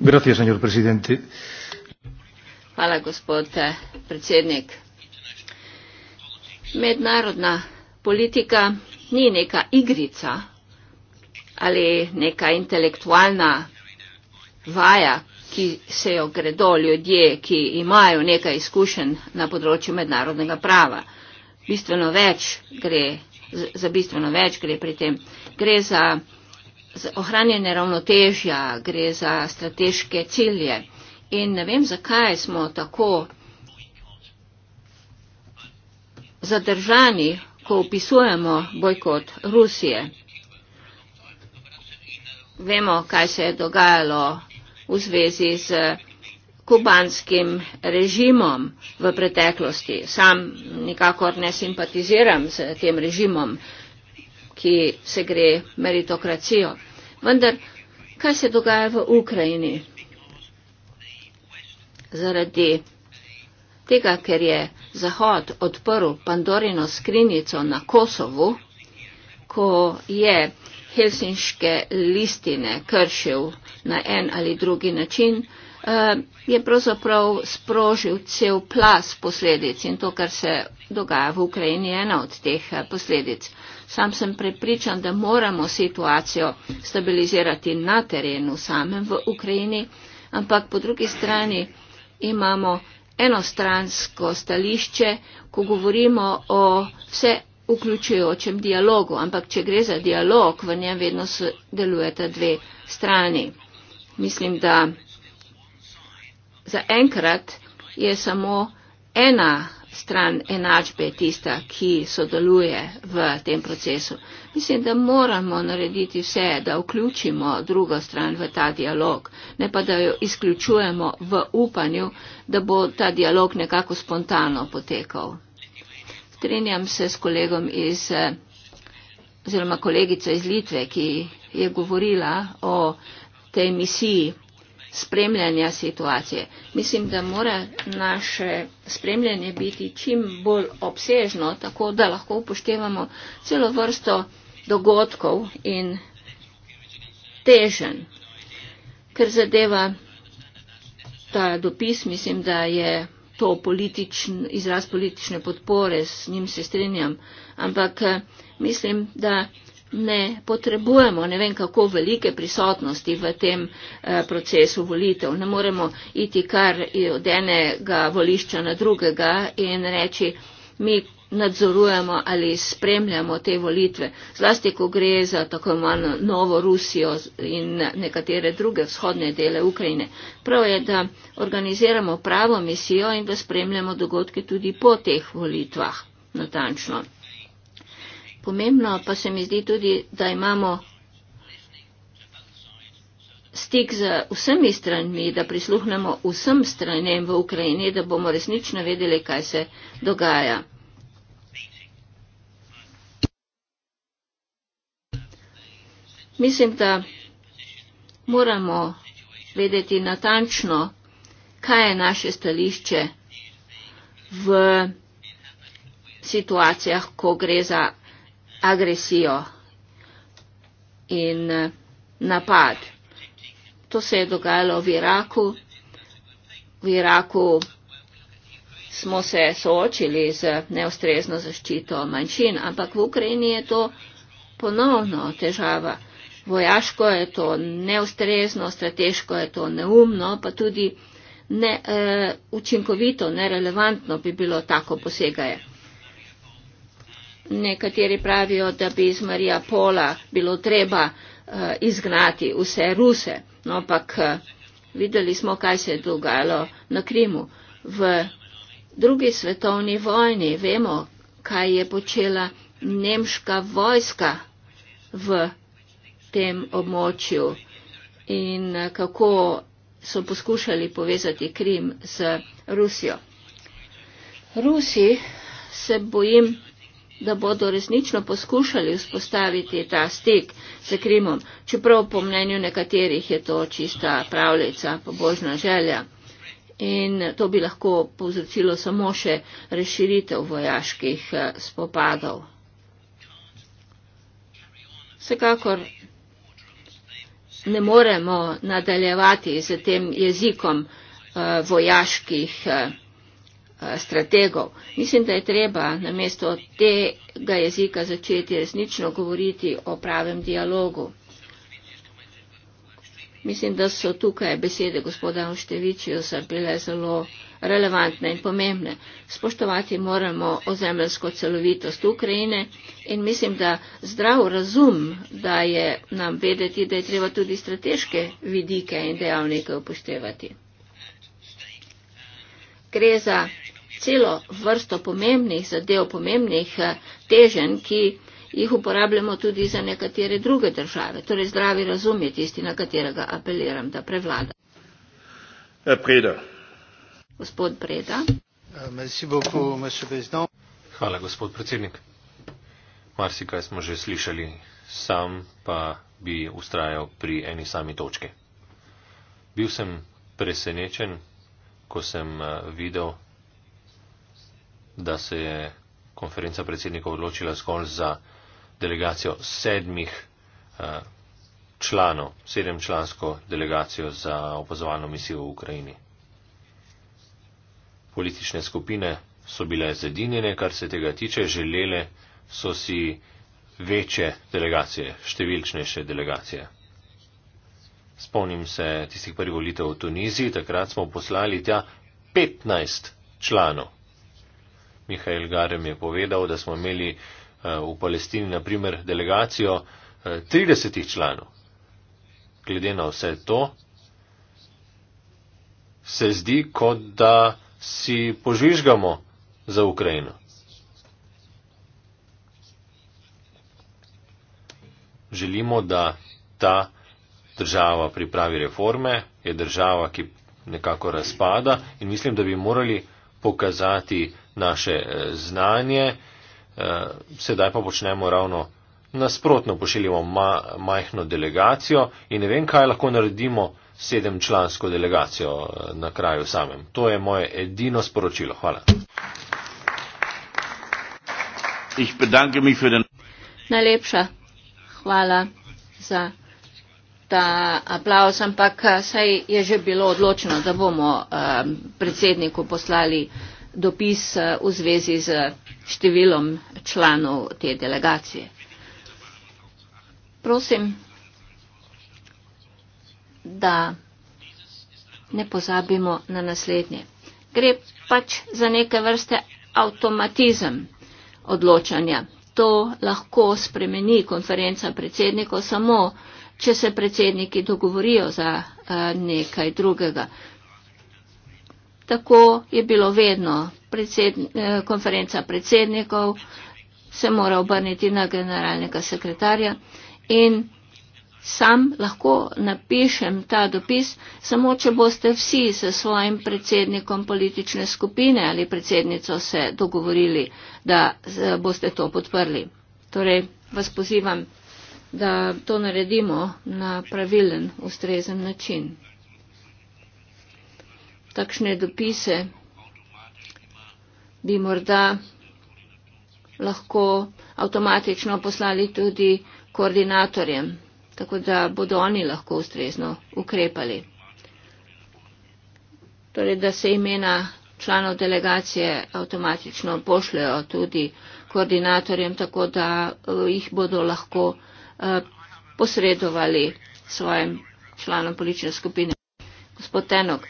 Gracias, señor presidente. Hvala, gospod eh, predsednik. Mednarodna politika ni neka igrica ali neka intelektualna vaja, ki se jo gredo ljudje, ki imajo nekaj izkušenj na področju mednarodnega prava. Bistveno več gre, za bistveno več gre pri tem. Gre za, za ohranjene ravnotežja, gre za strateške cilje. In ne vem, zakaj smo tako zadržani, ko opisujemo bojkot Rusije. Vemo, kaj se je dogajalo v zvezi z kubanskim režimom v preteklosti. Sam nikakor ne simpatiziram z tem režimom, ki se gre meritokracijo. Vendar, kaj se dogaja v Ukrajini? Zaradi tega, ker je Zahod odprl Pandorino skrinjico na Kosovu, ko je helsinške listine kršil na en ali drugi način, eh, je pravzaprav sprožil cel plas posledic in to, kar se dogaja v Ukrajini, je ena od teh eh, posledic. Sam sem prepričan, da moramo situacijo stabilizirati na terenu samem v Ukrajini, ampak po drugi strani imamo enostransko stališče, ko govorimo o vse vključujočem dialogu, ampak če gre za dialog, v njem vedno delujeta dve strani. Mislim, da za enkrat je samo ena stran enačbe tista, ki sodeluje v tem procesu. Mislim, da moramo narediti vse, da vključimo drugo stran v ta dialog, ne pa da jo izključujemo v upanju, da bo ta dialog nekako spontano potekal. Strinjam se s kolegom iz, oziroma kolegico iz Litve, ki je govorila o tej misiji spremljanja situacije. Mislim, da mora naše spremljanje biti čim bolj obsežno, tako da lahko upoštevamo celo vrsto dogodkov in težen, ker zadeva ta dopis, mislim, da je to političen, izraz politične podpore, s njim se strinjam, ampak eh, mislim, da ne potrebujemo ne vem kako velike prisotnosti v tem eh, procesu volitev. Ne moremo iti kar od enega volišča na drugega in reči, mi nadzorujemo ali spremljamo te volitve, zlasti ko gre za tako imenovano Novo Rusijo in nekatere druge vzhodne dele Ukrajine. Prav je, da organiziramo pravo misijo in da spremljamo dogodke tudi po teh volitvah natančno. Pomembno pa se mi zdi tudi, da imamo stik z vsemi stranmi, da prisluhnemo vsem stranem v Ukrajini, da bomo resnično vedeli, kaj se dogaja. Mislim, da moramo vedeti natančno, kaj je naše stališče v situacijah, ko gre za agresijo in eh, napad. To se je dogajalo v Iraku. V Iraku smo se soočili z neustrezno zaščito manjšin, ampak v Ukrajini je to ponovno težava. Vojaško je to neustrezno, strateško je to neumno, pa tudi ne, e, učinkovito, nerelevantno bi bilo tako posegaje. Nekateri pravijo, da bi iz Marija Pola bilo treba e, izgnati vse ruse, no ampak e, videli smo, kaj se je dogajalo na Krimu. V drugi svetovni vojni vemo, kaj je počela nemška vojska v tem območju in eh, kako so poskušali povezati Krim z Rusijo. Rusi se bojim, da bodo resnično poskušali vzpostaviti ta stik z Krimom, čeprav po mnenju nekaterih je to čista pravljica, pobožna želja. In to bi lahko povzročilo samo še razširitev vojaških eh, spopadov. Vsekakor ne moremo nadaljevati z tem jezikom uh, vojaških uh, strategov. Mislim, da je treba namesto tega jezika začeti resnično govoriti o pravem dialogu. Mislim, da so tukaj besede gospoda Oštevičijo bile zelo. Uh, relevantne in pomembne. Spoštovati moramo ozemelsko celovitost Ukrajine in mislim, da zdrav razum, da je nam vedeti, da je treba tudi strateške vidike in dejavnike upoštevati. Gre za celo vrsto pomembnih zadev, pomembnih eh, težen, ki jih uporabljamo tudi za nekatere druge države. Torej zdravi razum je tisti, na katerega apeliram, da prevlada. Herr eh, Preder. Gospod Breda. Hvala, gospod predsednik. Marsikaj smo že slišali, sam pa bi ustrajal pri eni sami točki. Bil sem presenečen, ko sem eh, videl, da se je konferenca predsednikov odločila zgolj za delegacijo sedmih eh, članov, sedemčlansko delegacijo za opazovalno misijo v Ukrajini politične skupine so bile zedinjene, kar se tega tiče, želele so si večje delegacije, številčnejše delegacije. Spomnim se tistih prvih volitev v Tuniziji, takrat smo poslali tja 15 članov. Mihajl Garem je povedal, da smo imeli eh, v Palestini, na primer, delegacijo 30 eh, članov. Glede na vse to, se zdi, kot da si požižgamo za Ukrajino. Želimo, da ta država pripravi reforme, je država, ki nekako razpada in mislim, da bi morali pokazati naše eh, znanje. Eh, sedaj pa počnemo ravno nasprotno, pošiljamo ma, majhno delegacijo in ne vem, kaj lahko naredimo sedemčlansko delegacijo eh, na kraju samem. To je moje edino sporočilo. Hvala. Najlepša hvala za ta aplaus, ampak eh, saj je že bilo odločeno, da bomo eh, predsedniku poslali dopis v zvezi z številom članov te delegacije. Prosim da ne pozabimo na naslednje. Gre pač za neke vrste avtomatizem odločanja. To lahko spremeni konferenca predsednikov samo, če se predsedniki dogovorijo za eh, nekaj drugega. Tako je bilo vedno. Eh, konferenca predsednikov se mora obrniti na generalnega sekretarja in sam lahko napišem ta dopis, samo če boste vsi s svojim predsednikom politične skupine ali predsednico se dogovorili, da boste to podprli. Torej, vas pozivam, da to naredimo na pravilen, ustrezen način. Takšne dopise bi morda lahko avtomatično poslali tudi koordinatorjem tako da bodo oni lahko ustrezno ukrepali. Torej, da se imena članov delegacije avtomatično pošljajo tudi koordinatorjem, tako da eh, jih bodo lahko eh, posredovali svojim članom politične skupine. Gospod Tenok,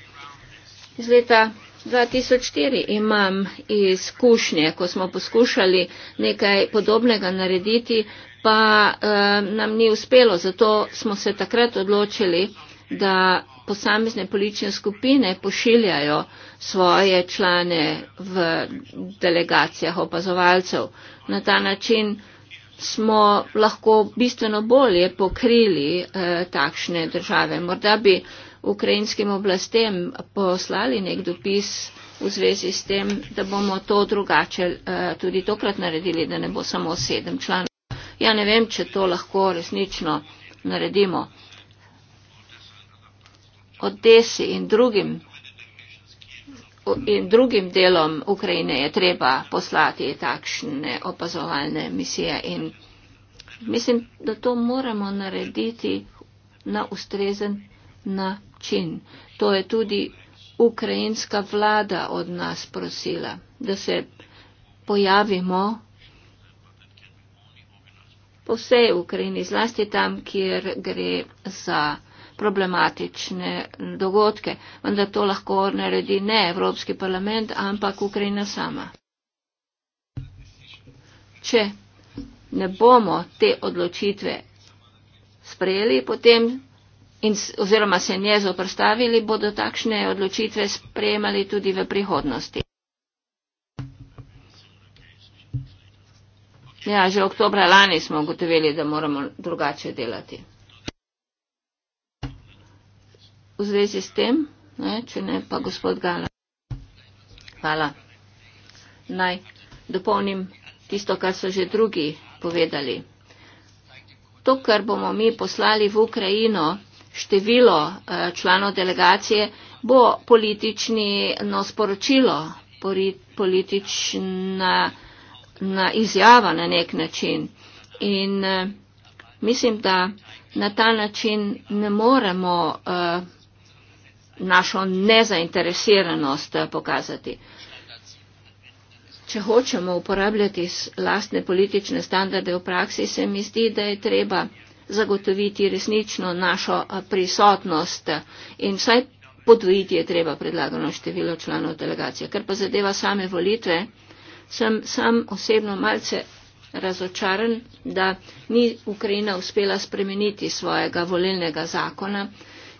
iz leta 2004 imam izkušnje, ko smo poskušali nekaj podobnega narediti pa eh, nam ni uspelo. Zato smo se takrat odločili, da posamezne politične skupine pošiljajo svoje člane v delegacijah opazovalcev. Na ta način smo lahko bistveno bolje pokrili eh, takšne države. Morda bi ukrajinskim oblastem poslali nek dopis v zvezi s tem, da bomo to drugače eh, tudi tokrat naredili, da ne bo samo sedem članov. Ja ne vem, če to lahko resnično naredimo. Odesi in drugim, in drugim delom Ukrajine je treba poslati takšne opazovalne misije in mislim, da to moramo narediti na ustrezen način. To je tudi ukrajinska vlada od nas prosila, da se pojavimo po vsej Ukrajini, zlasti tam, kjer gre za problematične dogodke. Vendar to lahko naredi ne Evropski parlament, ampak Ukrajina sama. Če ne bomo te odločitve sprejeli, potem in, oziroma se nje zoprstavili, bodo takšne odločitve sprejemali tudi v prihodnosti. Ja, že oktobra lani smo ugotovili, da moramo drugače delati. V zvezi s tem, ne, če ne, pa gospod Gala. Hvala. Naj dopolnim tisto, kar so že drugi povedali. To, kar bomo mi poslali v Ukrajino, število eh, članov delegacije, bo politično sporočilo, politična na izjava na nek način. In uh, mislim, da na ta način ne moremo uh, našo nezainteresiranost uh, pokazati. Če hočemo uporabljati lastne politične standarde v praksi, se mi zdi, da je treba zagotoviti resnično našo prisotnost in vsaj podvojiti je treba predlagano število članov delegacije. Ker pa zadeva same volitve, sem sam osebno malce razočaran, da ni Ukrajina uspela spremeniti svojega volilnega zakona,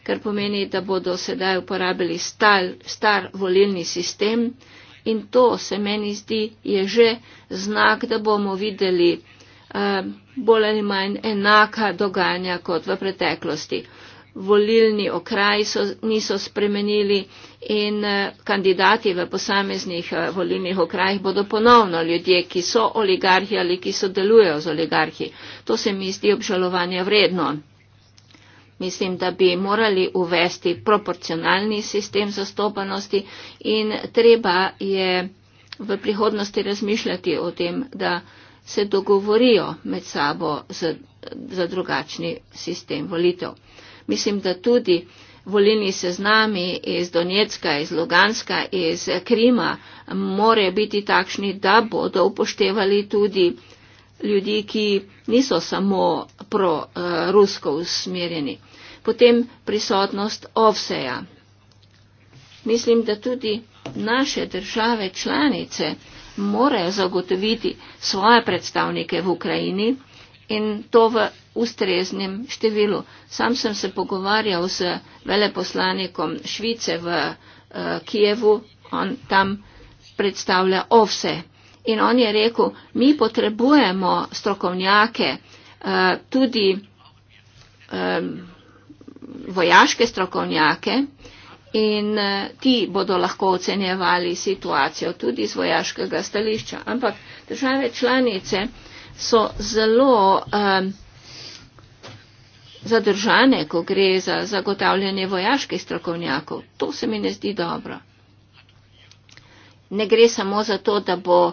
ker pomeni, da bodo sedaj uporabili stal, star volilni sistem in to se meni zdi je že znak, da bomo videli uh, bolj ali manj enaka dogajanja kot v preteklosti. Uh, volilni okraj so, niso spremenili in eh, kandidati v posameznih eh, volilnih okrajih bodo ponovno ljudje, ki so oligarhi ali ki sodelujejo z oligarhi. To se mi zdi obžalovanje vredno. Mislim, da bi morali uvesti proporcionalni sistem zastopanosti in treba je v prihodnosti razmišljati o tem, da se dogovorijo med sabo za, za drugačni sistem volitev mislim, da tudi volilni seznami iz Donetska, iz Luganska, iz Krima morajo biti takšni, da bodo upoštevali tudi ljudi, ki niso samo prorusko usmerjeni. Potem prisotnost ovseja. Mislim, da tudi naše države članice morajo zagotoviti svoje predstavnike v Ukrajini in to v ustreznem številu. Sam sem se pogovarjal z veleposlanikom Švice v uh, Kijevu, on tam predstavlja ovse. In on je rekel, mi potrebujemo strokovnjake, uh, tudi um, vojaške strokovnjake in uh, ti bodo lahko ocenjevali situacijo tudi z vojaškega stališča. Ampak države članice, uh, so zelo um, zadržane, ko gre za zagotavljanje vojaških strokovnjakov. To se mi ne zdi dobro. Ne gre samo za to, da bo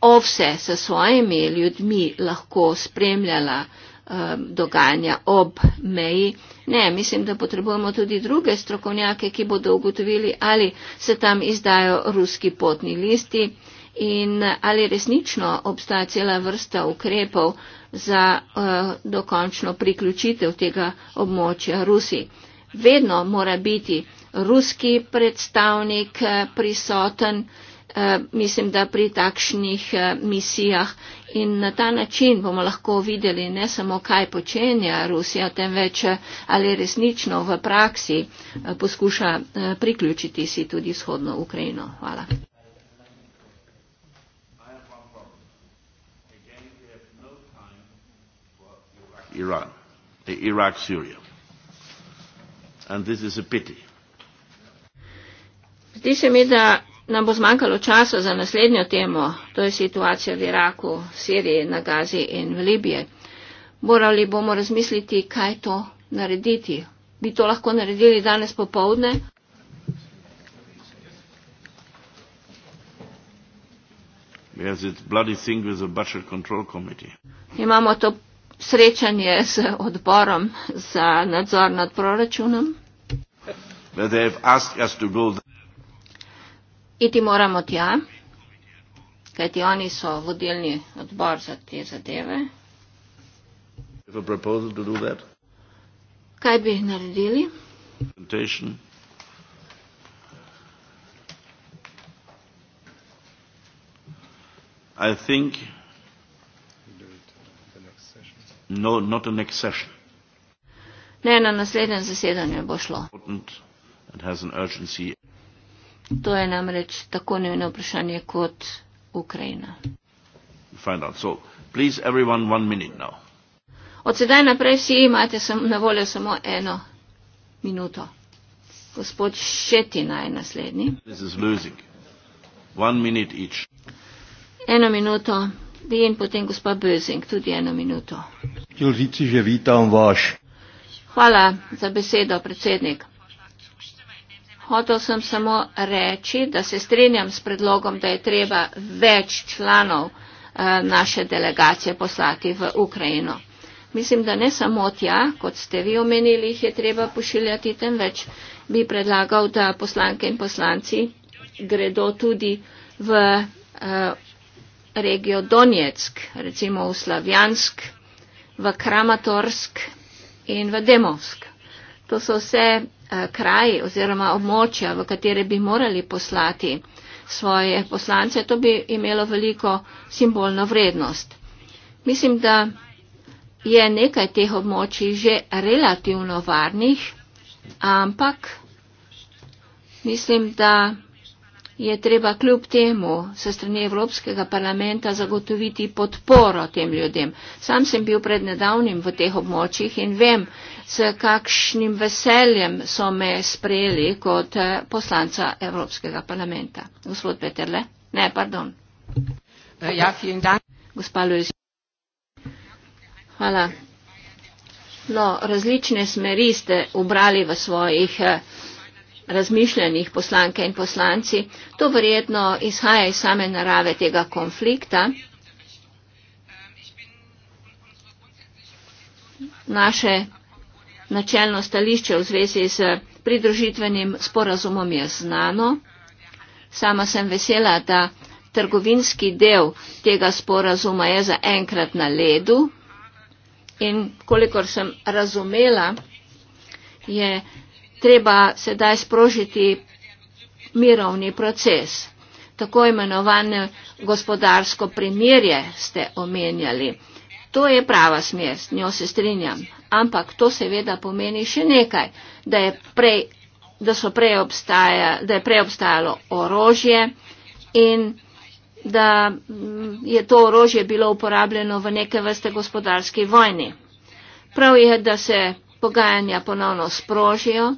ovse s svojimi ljudmi lahko spremljala um, dogajanja ob meji. Ne, mislim, da potrebujemo tudi druge strokovnjake, ki bodo ugotovili, ali se tam izdajo ruski potni listi in ali resnično obstaja cela vrsta ukrepov za uh, dokončno priključitev tega območja Rusi. Vedno mora biti ruski predstavnik uh, prisoten, uh, mislim, da pri takšnih uh, misijah in na ta način bomo lahko videli ne samo, kaj počenja Rusija, temveč ali resnično v praksi uh, poskuša uh, priključiti si tudi vzhodno Ukrajino. Hvala. Iran, e, Iraq, Syria. And this is a pity. Zdi se mi, da nam bo zmanjkalo časa za naslednjo temo, to je situacija v Iraku, Siriji, na Gazi in v Libiji. Morali bomo razmisliti, kaj to narediti. Bi to lahko naredili danes popovdne? Yes, Imamo to srečanje z odborom za nadzor nad proračunom. Iti moramo tja, kajti oni so vodilni odbor za te zadeve. Kaj bi naredili? I think No, not in next session. Ne, na naslednjem zasedanju bo šlo. To je namreč tako nujno vprašanje kot Ukrajina. So, please, everyone, Od sedaj naprej vsi imate sem, na voljo samo eno minuto. Gospod Šetina je naslednji. Eno minuto vi in potem gospa Bözing, tudi eno minuto. Jožici, že vitam vaš. Hvala za besedo, predsednik. Hotel sem samo reči, da se strinjam s predlogom, da je treba več članov eh, naše delegacije poslati v Ukrajino. Mislim, da ne samo tja, kot ste vi omenili, jih je treba pošiljati, temveč bi predlagal, da poslanke in poslanci gredo tudi v eh, regijo Donetsk, recimo v Slavjansk, v Kramatorsk in v Demovsk. To so vse eh, kraji oziroma območja, v katere bi morali poslati svoje poslance. To bi imelo veliko simbolno vrednost. Mislim, da je nekaj teh območij že relativno varnih, ampak mislim, da je treba kljub temu se strani Evropskega parlamenta zagotoviti podporo tem ljudem. Sam sem bil pred nedavnim v teh območjih in vem, s kakšnim veseljem so me sprejeli kot eh, poslanca Evropskega parlamenta. Gospod Peterle, ne, pardon. Eh, ja, vielen Dank. Gospa Luiz. Hvala. No, različne smeri ste ubrali v svojih eh, razmišljanjih poslanke in poslanci. To verjetno izhaja iz same narave tega konflikta. Naše načelno stališče v zvezi z pridružitvenim sporazumom je znano. Sama sem vesela, da trgovinski del tega sporazuma je za enkrat na ledu. In kolikor sem razumela, je treba sedaj sprožiti mirovni proces. Tako imenovane gospodarsko primirje ste omenjali. To je prava smer, s njo se strinjam. Ampak to seveda pomeni še nekaj, da je prej, da so prej, obstaja, da je prej obstajalo orožje in da mm, je to orožje bilo uporabljeno v neke vrste gospodarski vojni. Prav je, da se pogajanja ponovno sprožijo.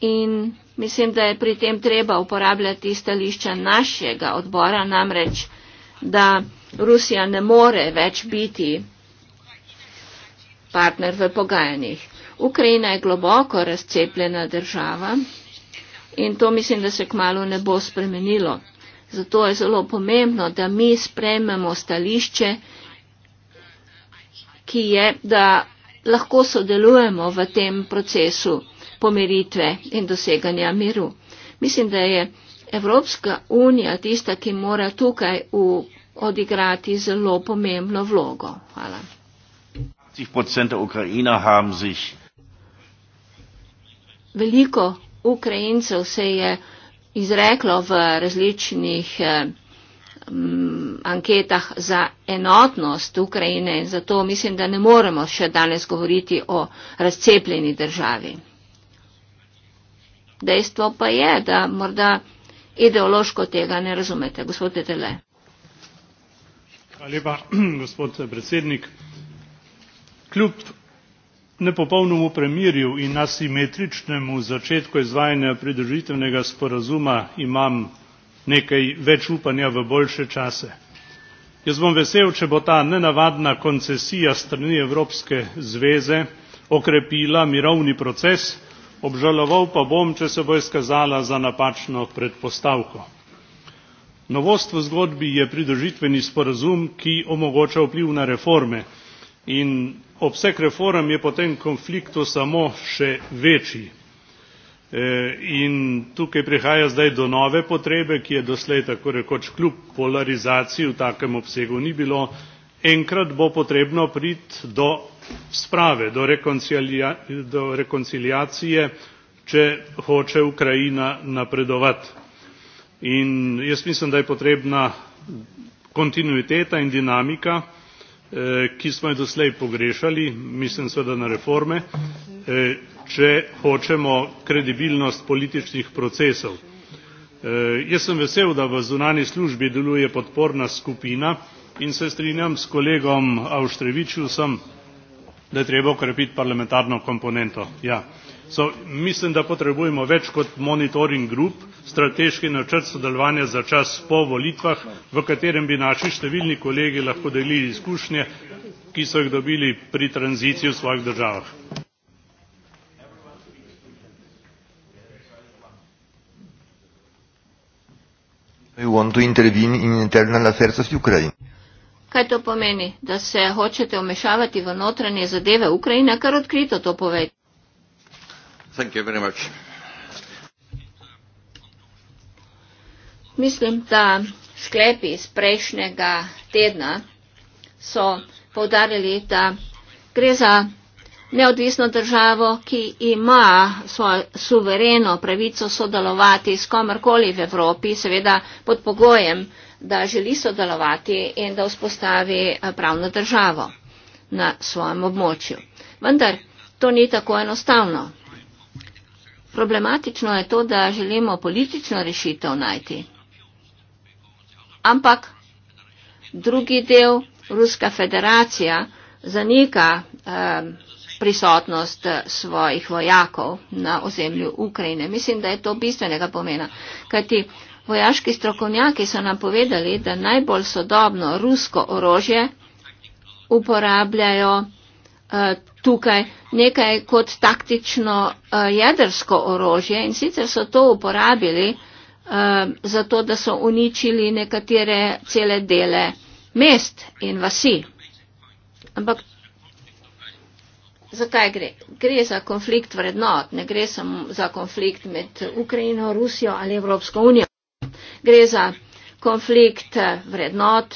In mislim, da je pri tem treba uporabljati stališča našega odbora, namreč, da Rusija ne more več biti partner v pogajanjih. Ukrajina je globoko razcepljena država in to mislim, da se kmalo ne bo spremenilo. Zato je zelo pomembno, da mi sprememo stališče, ki je, da lahko sodelujemo v tem procesu pomiritve in doseganja miru. Mislim, da je Evropska unija tista, ki mora tukaj v, odigrati zelo pomembno vlogo. Hvala. Veliko Ukrajincev se je izreklo v različnih eh, mm, anketah za enotnost Ukrajine in zato mislim, da ne moremo še danes govoriti o razcepljeni državi. Dejstvo pa je, da morda ideološko tega ne razumete. Gospod Tetele. Hvala lepa, gospod predsednik. Kljub nepopolnemu premirju in asimetričnemu začetku izvajanja pridružitvenega sporazuma imam nekaj več upanja v boljše čase. Jaz bom vesel, če bo ta nenavadna koncesija strani Evropske zveze okrepila mirovni proces, obžaloval pa bom če se bo izkazala za napačno predpostavko. novost v zgodbi je pridružitveni sporazum ki omogoča vpliv na reforme in obseg reform je po tem konfliktu samo še večji e, in tukaj prihaja zdaj do nove potrebe ki je doslej tako rekoč kljub polarizaciji v takem obsegu ni bilo enkrat bo potrebno priti do sprave do rekonciliacije če hoče ukrajina napredovat in jaz mislim da je potrebna kontinuiteta in dinamika eh, ki smo jo doslej pogrešali mislim seveda na reforme eh, če hočemo kredibilnost političnih procesov. Eh, jaz sem vesel da v zunanji službi deluje podporna skupina in se strinjam s kolegom auštrevičiusom da je treba okrepiti parlamentarno komponento. Ja. So, mislim, da potrebujemo več kot monitoring grup, strateški načrt sodelovanja za čas po volitvah, v katerem bi naši številni kolegi lahko delili izkušnje, ki so jih dobili pri tranziciji v svojih državah. We want to intervene in internal affairs of Ukraine kaj to pomeni, da se hočete vmešavati v notranje zadeve Ukrajine, kar odkrito to pove. Mislim, da sklepi iz prejšnjega tedna so povdarjali, da gre za neodvisno državo, ki ima svojo suvereno pravico sodelovati s komarkoli v Evropi, seveda pod pogojem, da želi sodelovati in da vzpostavi eh, pravno državo na svojem območju. Vendar to ni tako enostavno. Problematično je to, da želimo politično rešitev najti. Ampak drugi del Ruska federacija zanika eh, prisotnost eh, svojih vojakov na ozemlju Ukrajine. Mislim, da je to bistvenega pomena, kajti Vojaški strokovnjaki so nam povedali, da najbolj sodobno rusko orožje uporabljajo uh, tukaj nekaj kot taktično uh, jedrsko orožje in sicer so to uporabili uh, eh, zato, da so uničili nekatere cele dele mest in vasi. Ampak zakaj gre? Gre za konflikt vrednot, ne gre samo za konflikt med Ukrajino, Rusijo ali Evropsko unijo. Gre za konflikt eh, vrednot,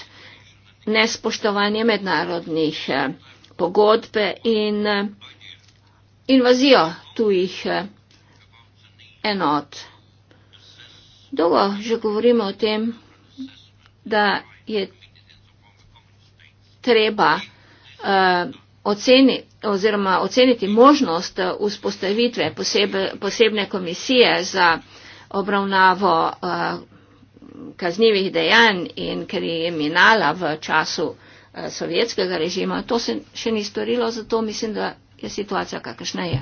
nespoštovanje mednarodnih eh, pogodbe in eh, invazijo tujih enot. Dolgo že govorimo o tem, da je treba uh, oceni, oziroma oceniti možnost vzpostavitve posebe, posebne komisije za obravnavo uh, kaznjivih dejanj in kriminala v času eh, sovjetskega režima, to se še ni storilo, zato mislim, da je situacija kakršna je.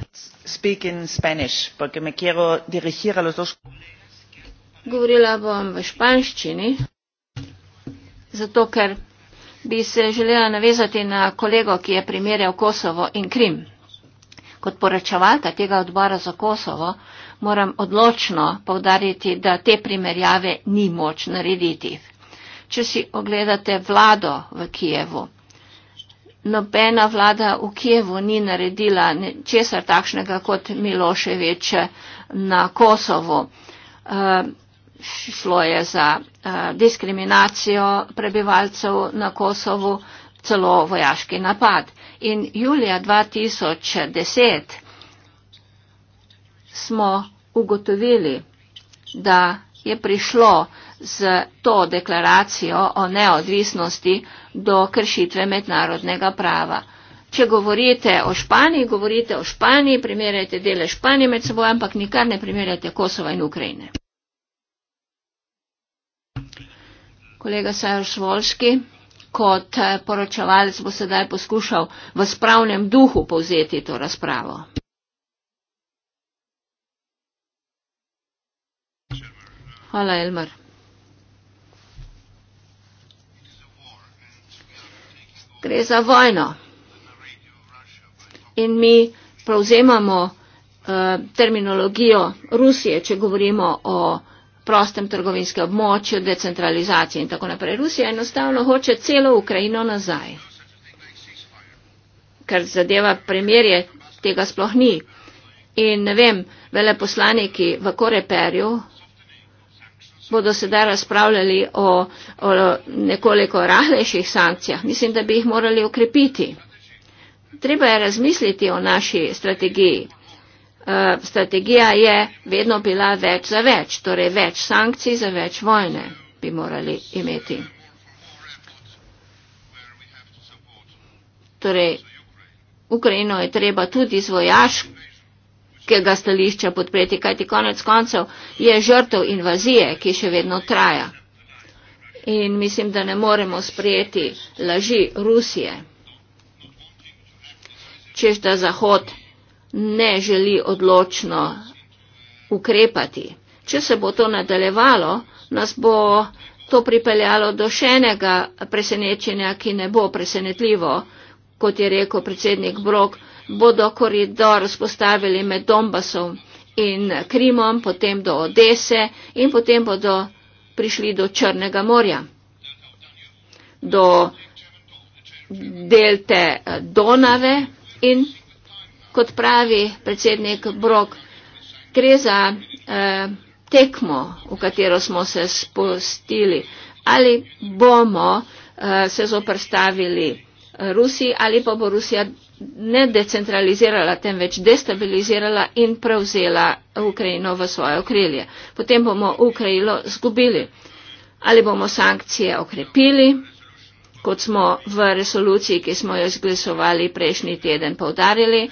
Govorila bom v španščini, zato ker bi se želela navezati na kolego, ki je primerjal Kosovo in Krim. Kot poročevalka tega odbora za Kosovo, uh, moram odločno povdariti, da te primerjave ni moč narediti. Če si ogledate vlado v Kijevu, nobena vlada v Kijevu ni naredila česar takšnega kot Miloševič na Kosovo. Ehm, šlo je za eh, diskriminacijo prebivalcev na Kosovu, celo vojaški napad. In julija 2010 smo ugotovili, da je prišlo z to deklaracijo o neodvisnosti do kršitve mednarodnega prava. Če govorite o Španiji, govorite o Španiji, primerjajte dele Španije med seboj, ampak nikar ne primerjajte Kosova in Ukrajine. Kolega Sajoš Volški, kot eh, poročevalec bo sedaj poskušal v spravnem duhu povzeti to razpravo. Hvala, Elmar. Gre za vojno. In mi prevzemamo uh, terminologijo Rusije, če govorimo o prostem trgovinskem območju, decentralizaciji in tako naprej. Rusija enostavno hoče celo Ukrajino nazaj. Ker zadeva premjerje tega sploh ni. In ne vem, veleposlaniki v Koreperju bodo sedaj razpravljali o, o nekoliko rahlejših sankcijah, mislim, da bi jih morali ukrepiti. Treba je razmisliti o naši strategiji. Eh, strategija je vedno bila več za več, torej več sankcij za več vojne bi morali imeti. Torej, Ukrajino je treba tudi z vojaškim ga stališča podpreti, kajti konec koncev je žrtov invazije, ki še vedno traja. In mislim, da ne moremo sprejeti laži Rusije, čež da Zahod ne želi odločno ukrepati. Če se bo to nadaljevalo, nas bo to pripeljalo do še enega presenečenja, ki ne bo presenetljivo, kot je rekel predsednik Brok bodo koridor spostavili med Donbasom in Krimom, potem do Odese in potem bodo prišli do Črnega morja, do delte eh, Donave in, kot pravi predsednik Brok, gre za eh, tekmo, v katero smo se spustili. Ali bomo eh, se zoprstavili Rusiji ali pa bo Rusija ne decentralizirala, temveč destabilizirala in prevzela Ukrajino v svoje okrilje. Potem bomo Ukrajino zgubili. Ali bomo sankcije okrepili, kot smo v resoluciji, ki smo jo izglasovali prejšnji teden, povdarili,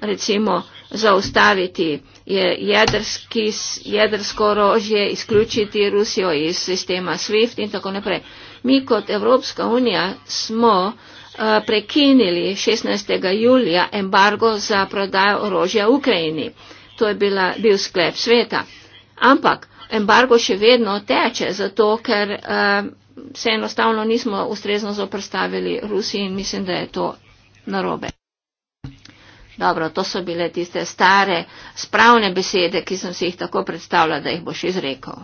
recimo zaustaviti jedrski, jedrsko orožje, izključiti Rusijo iz sistema SWIFT in tako naprej. Mi kot Evropska unija smo Eh, prekinili 16. julija embargo za prodajo orožja Ukrajini. To je bila, bil sklep sveta. Ampak embargo še vedno teče, zato ker eh, se enostavno nismo ustrezno zoprstavili Rusiji in mislim, da je to narobe. Dobro, to so bile tiste stare spravne besede, ki sem si jih tako predstavljal, da jih boš izrekel.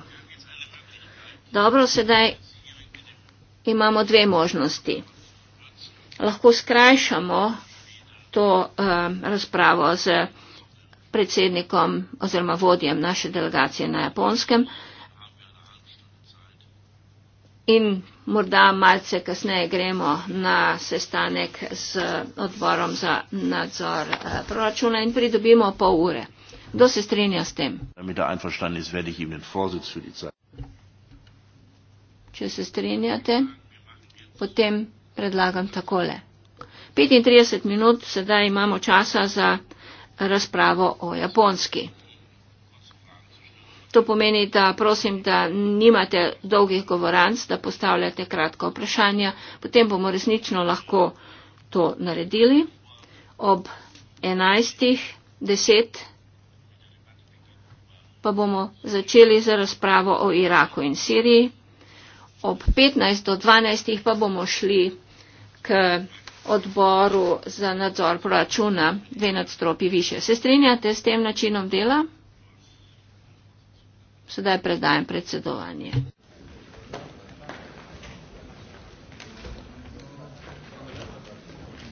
Dobro, sedaj imamo dve možnosti lahko skrajšamo to um, razpravo z predsednikom oziroma vodjem naše delegacije na japonskem in morda malce kasneje gremo na sestanek z odborom za nadzor uh, proračuna in pridobimo pol ure. Kdo se strinja s tem? Er Če se strinjate, potem predlagam takole. 35 minut sedaj imamo časa za razpravo o japonski. To pomeni, da prosim, da nimate dolgih govoranc, da postavljate kratko vprašanje, potem bomo resnično lahko to naredili. Ob 11.10 pa bomo začeli za razpravo o Iraku in Siriji. Ob 15.12 pa bomo šli odboru za nadzor proračuna dve nadstropi više. Se strinjate s tem načinom dela? Sedaj predajem predsedovanje.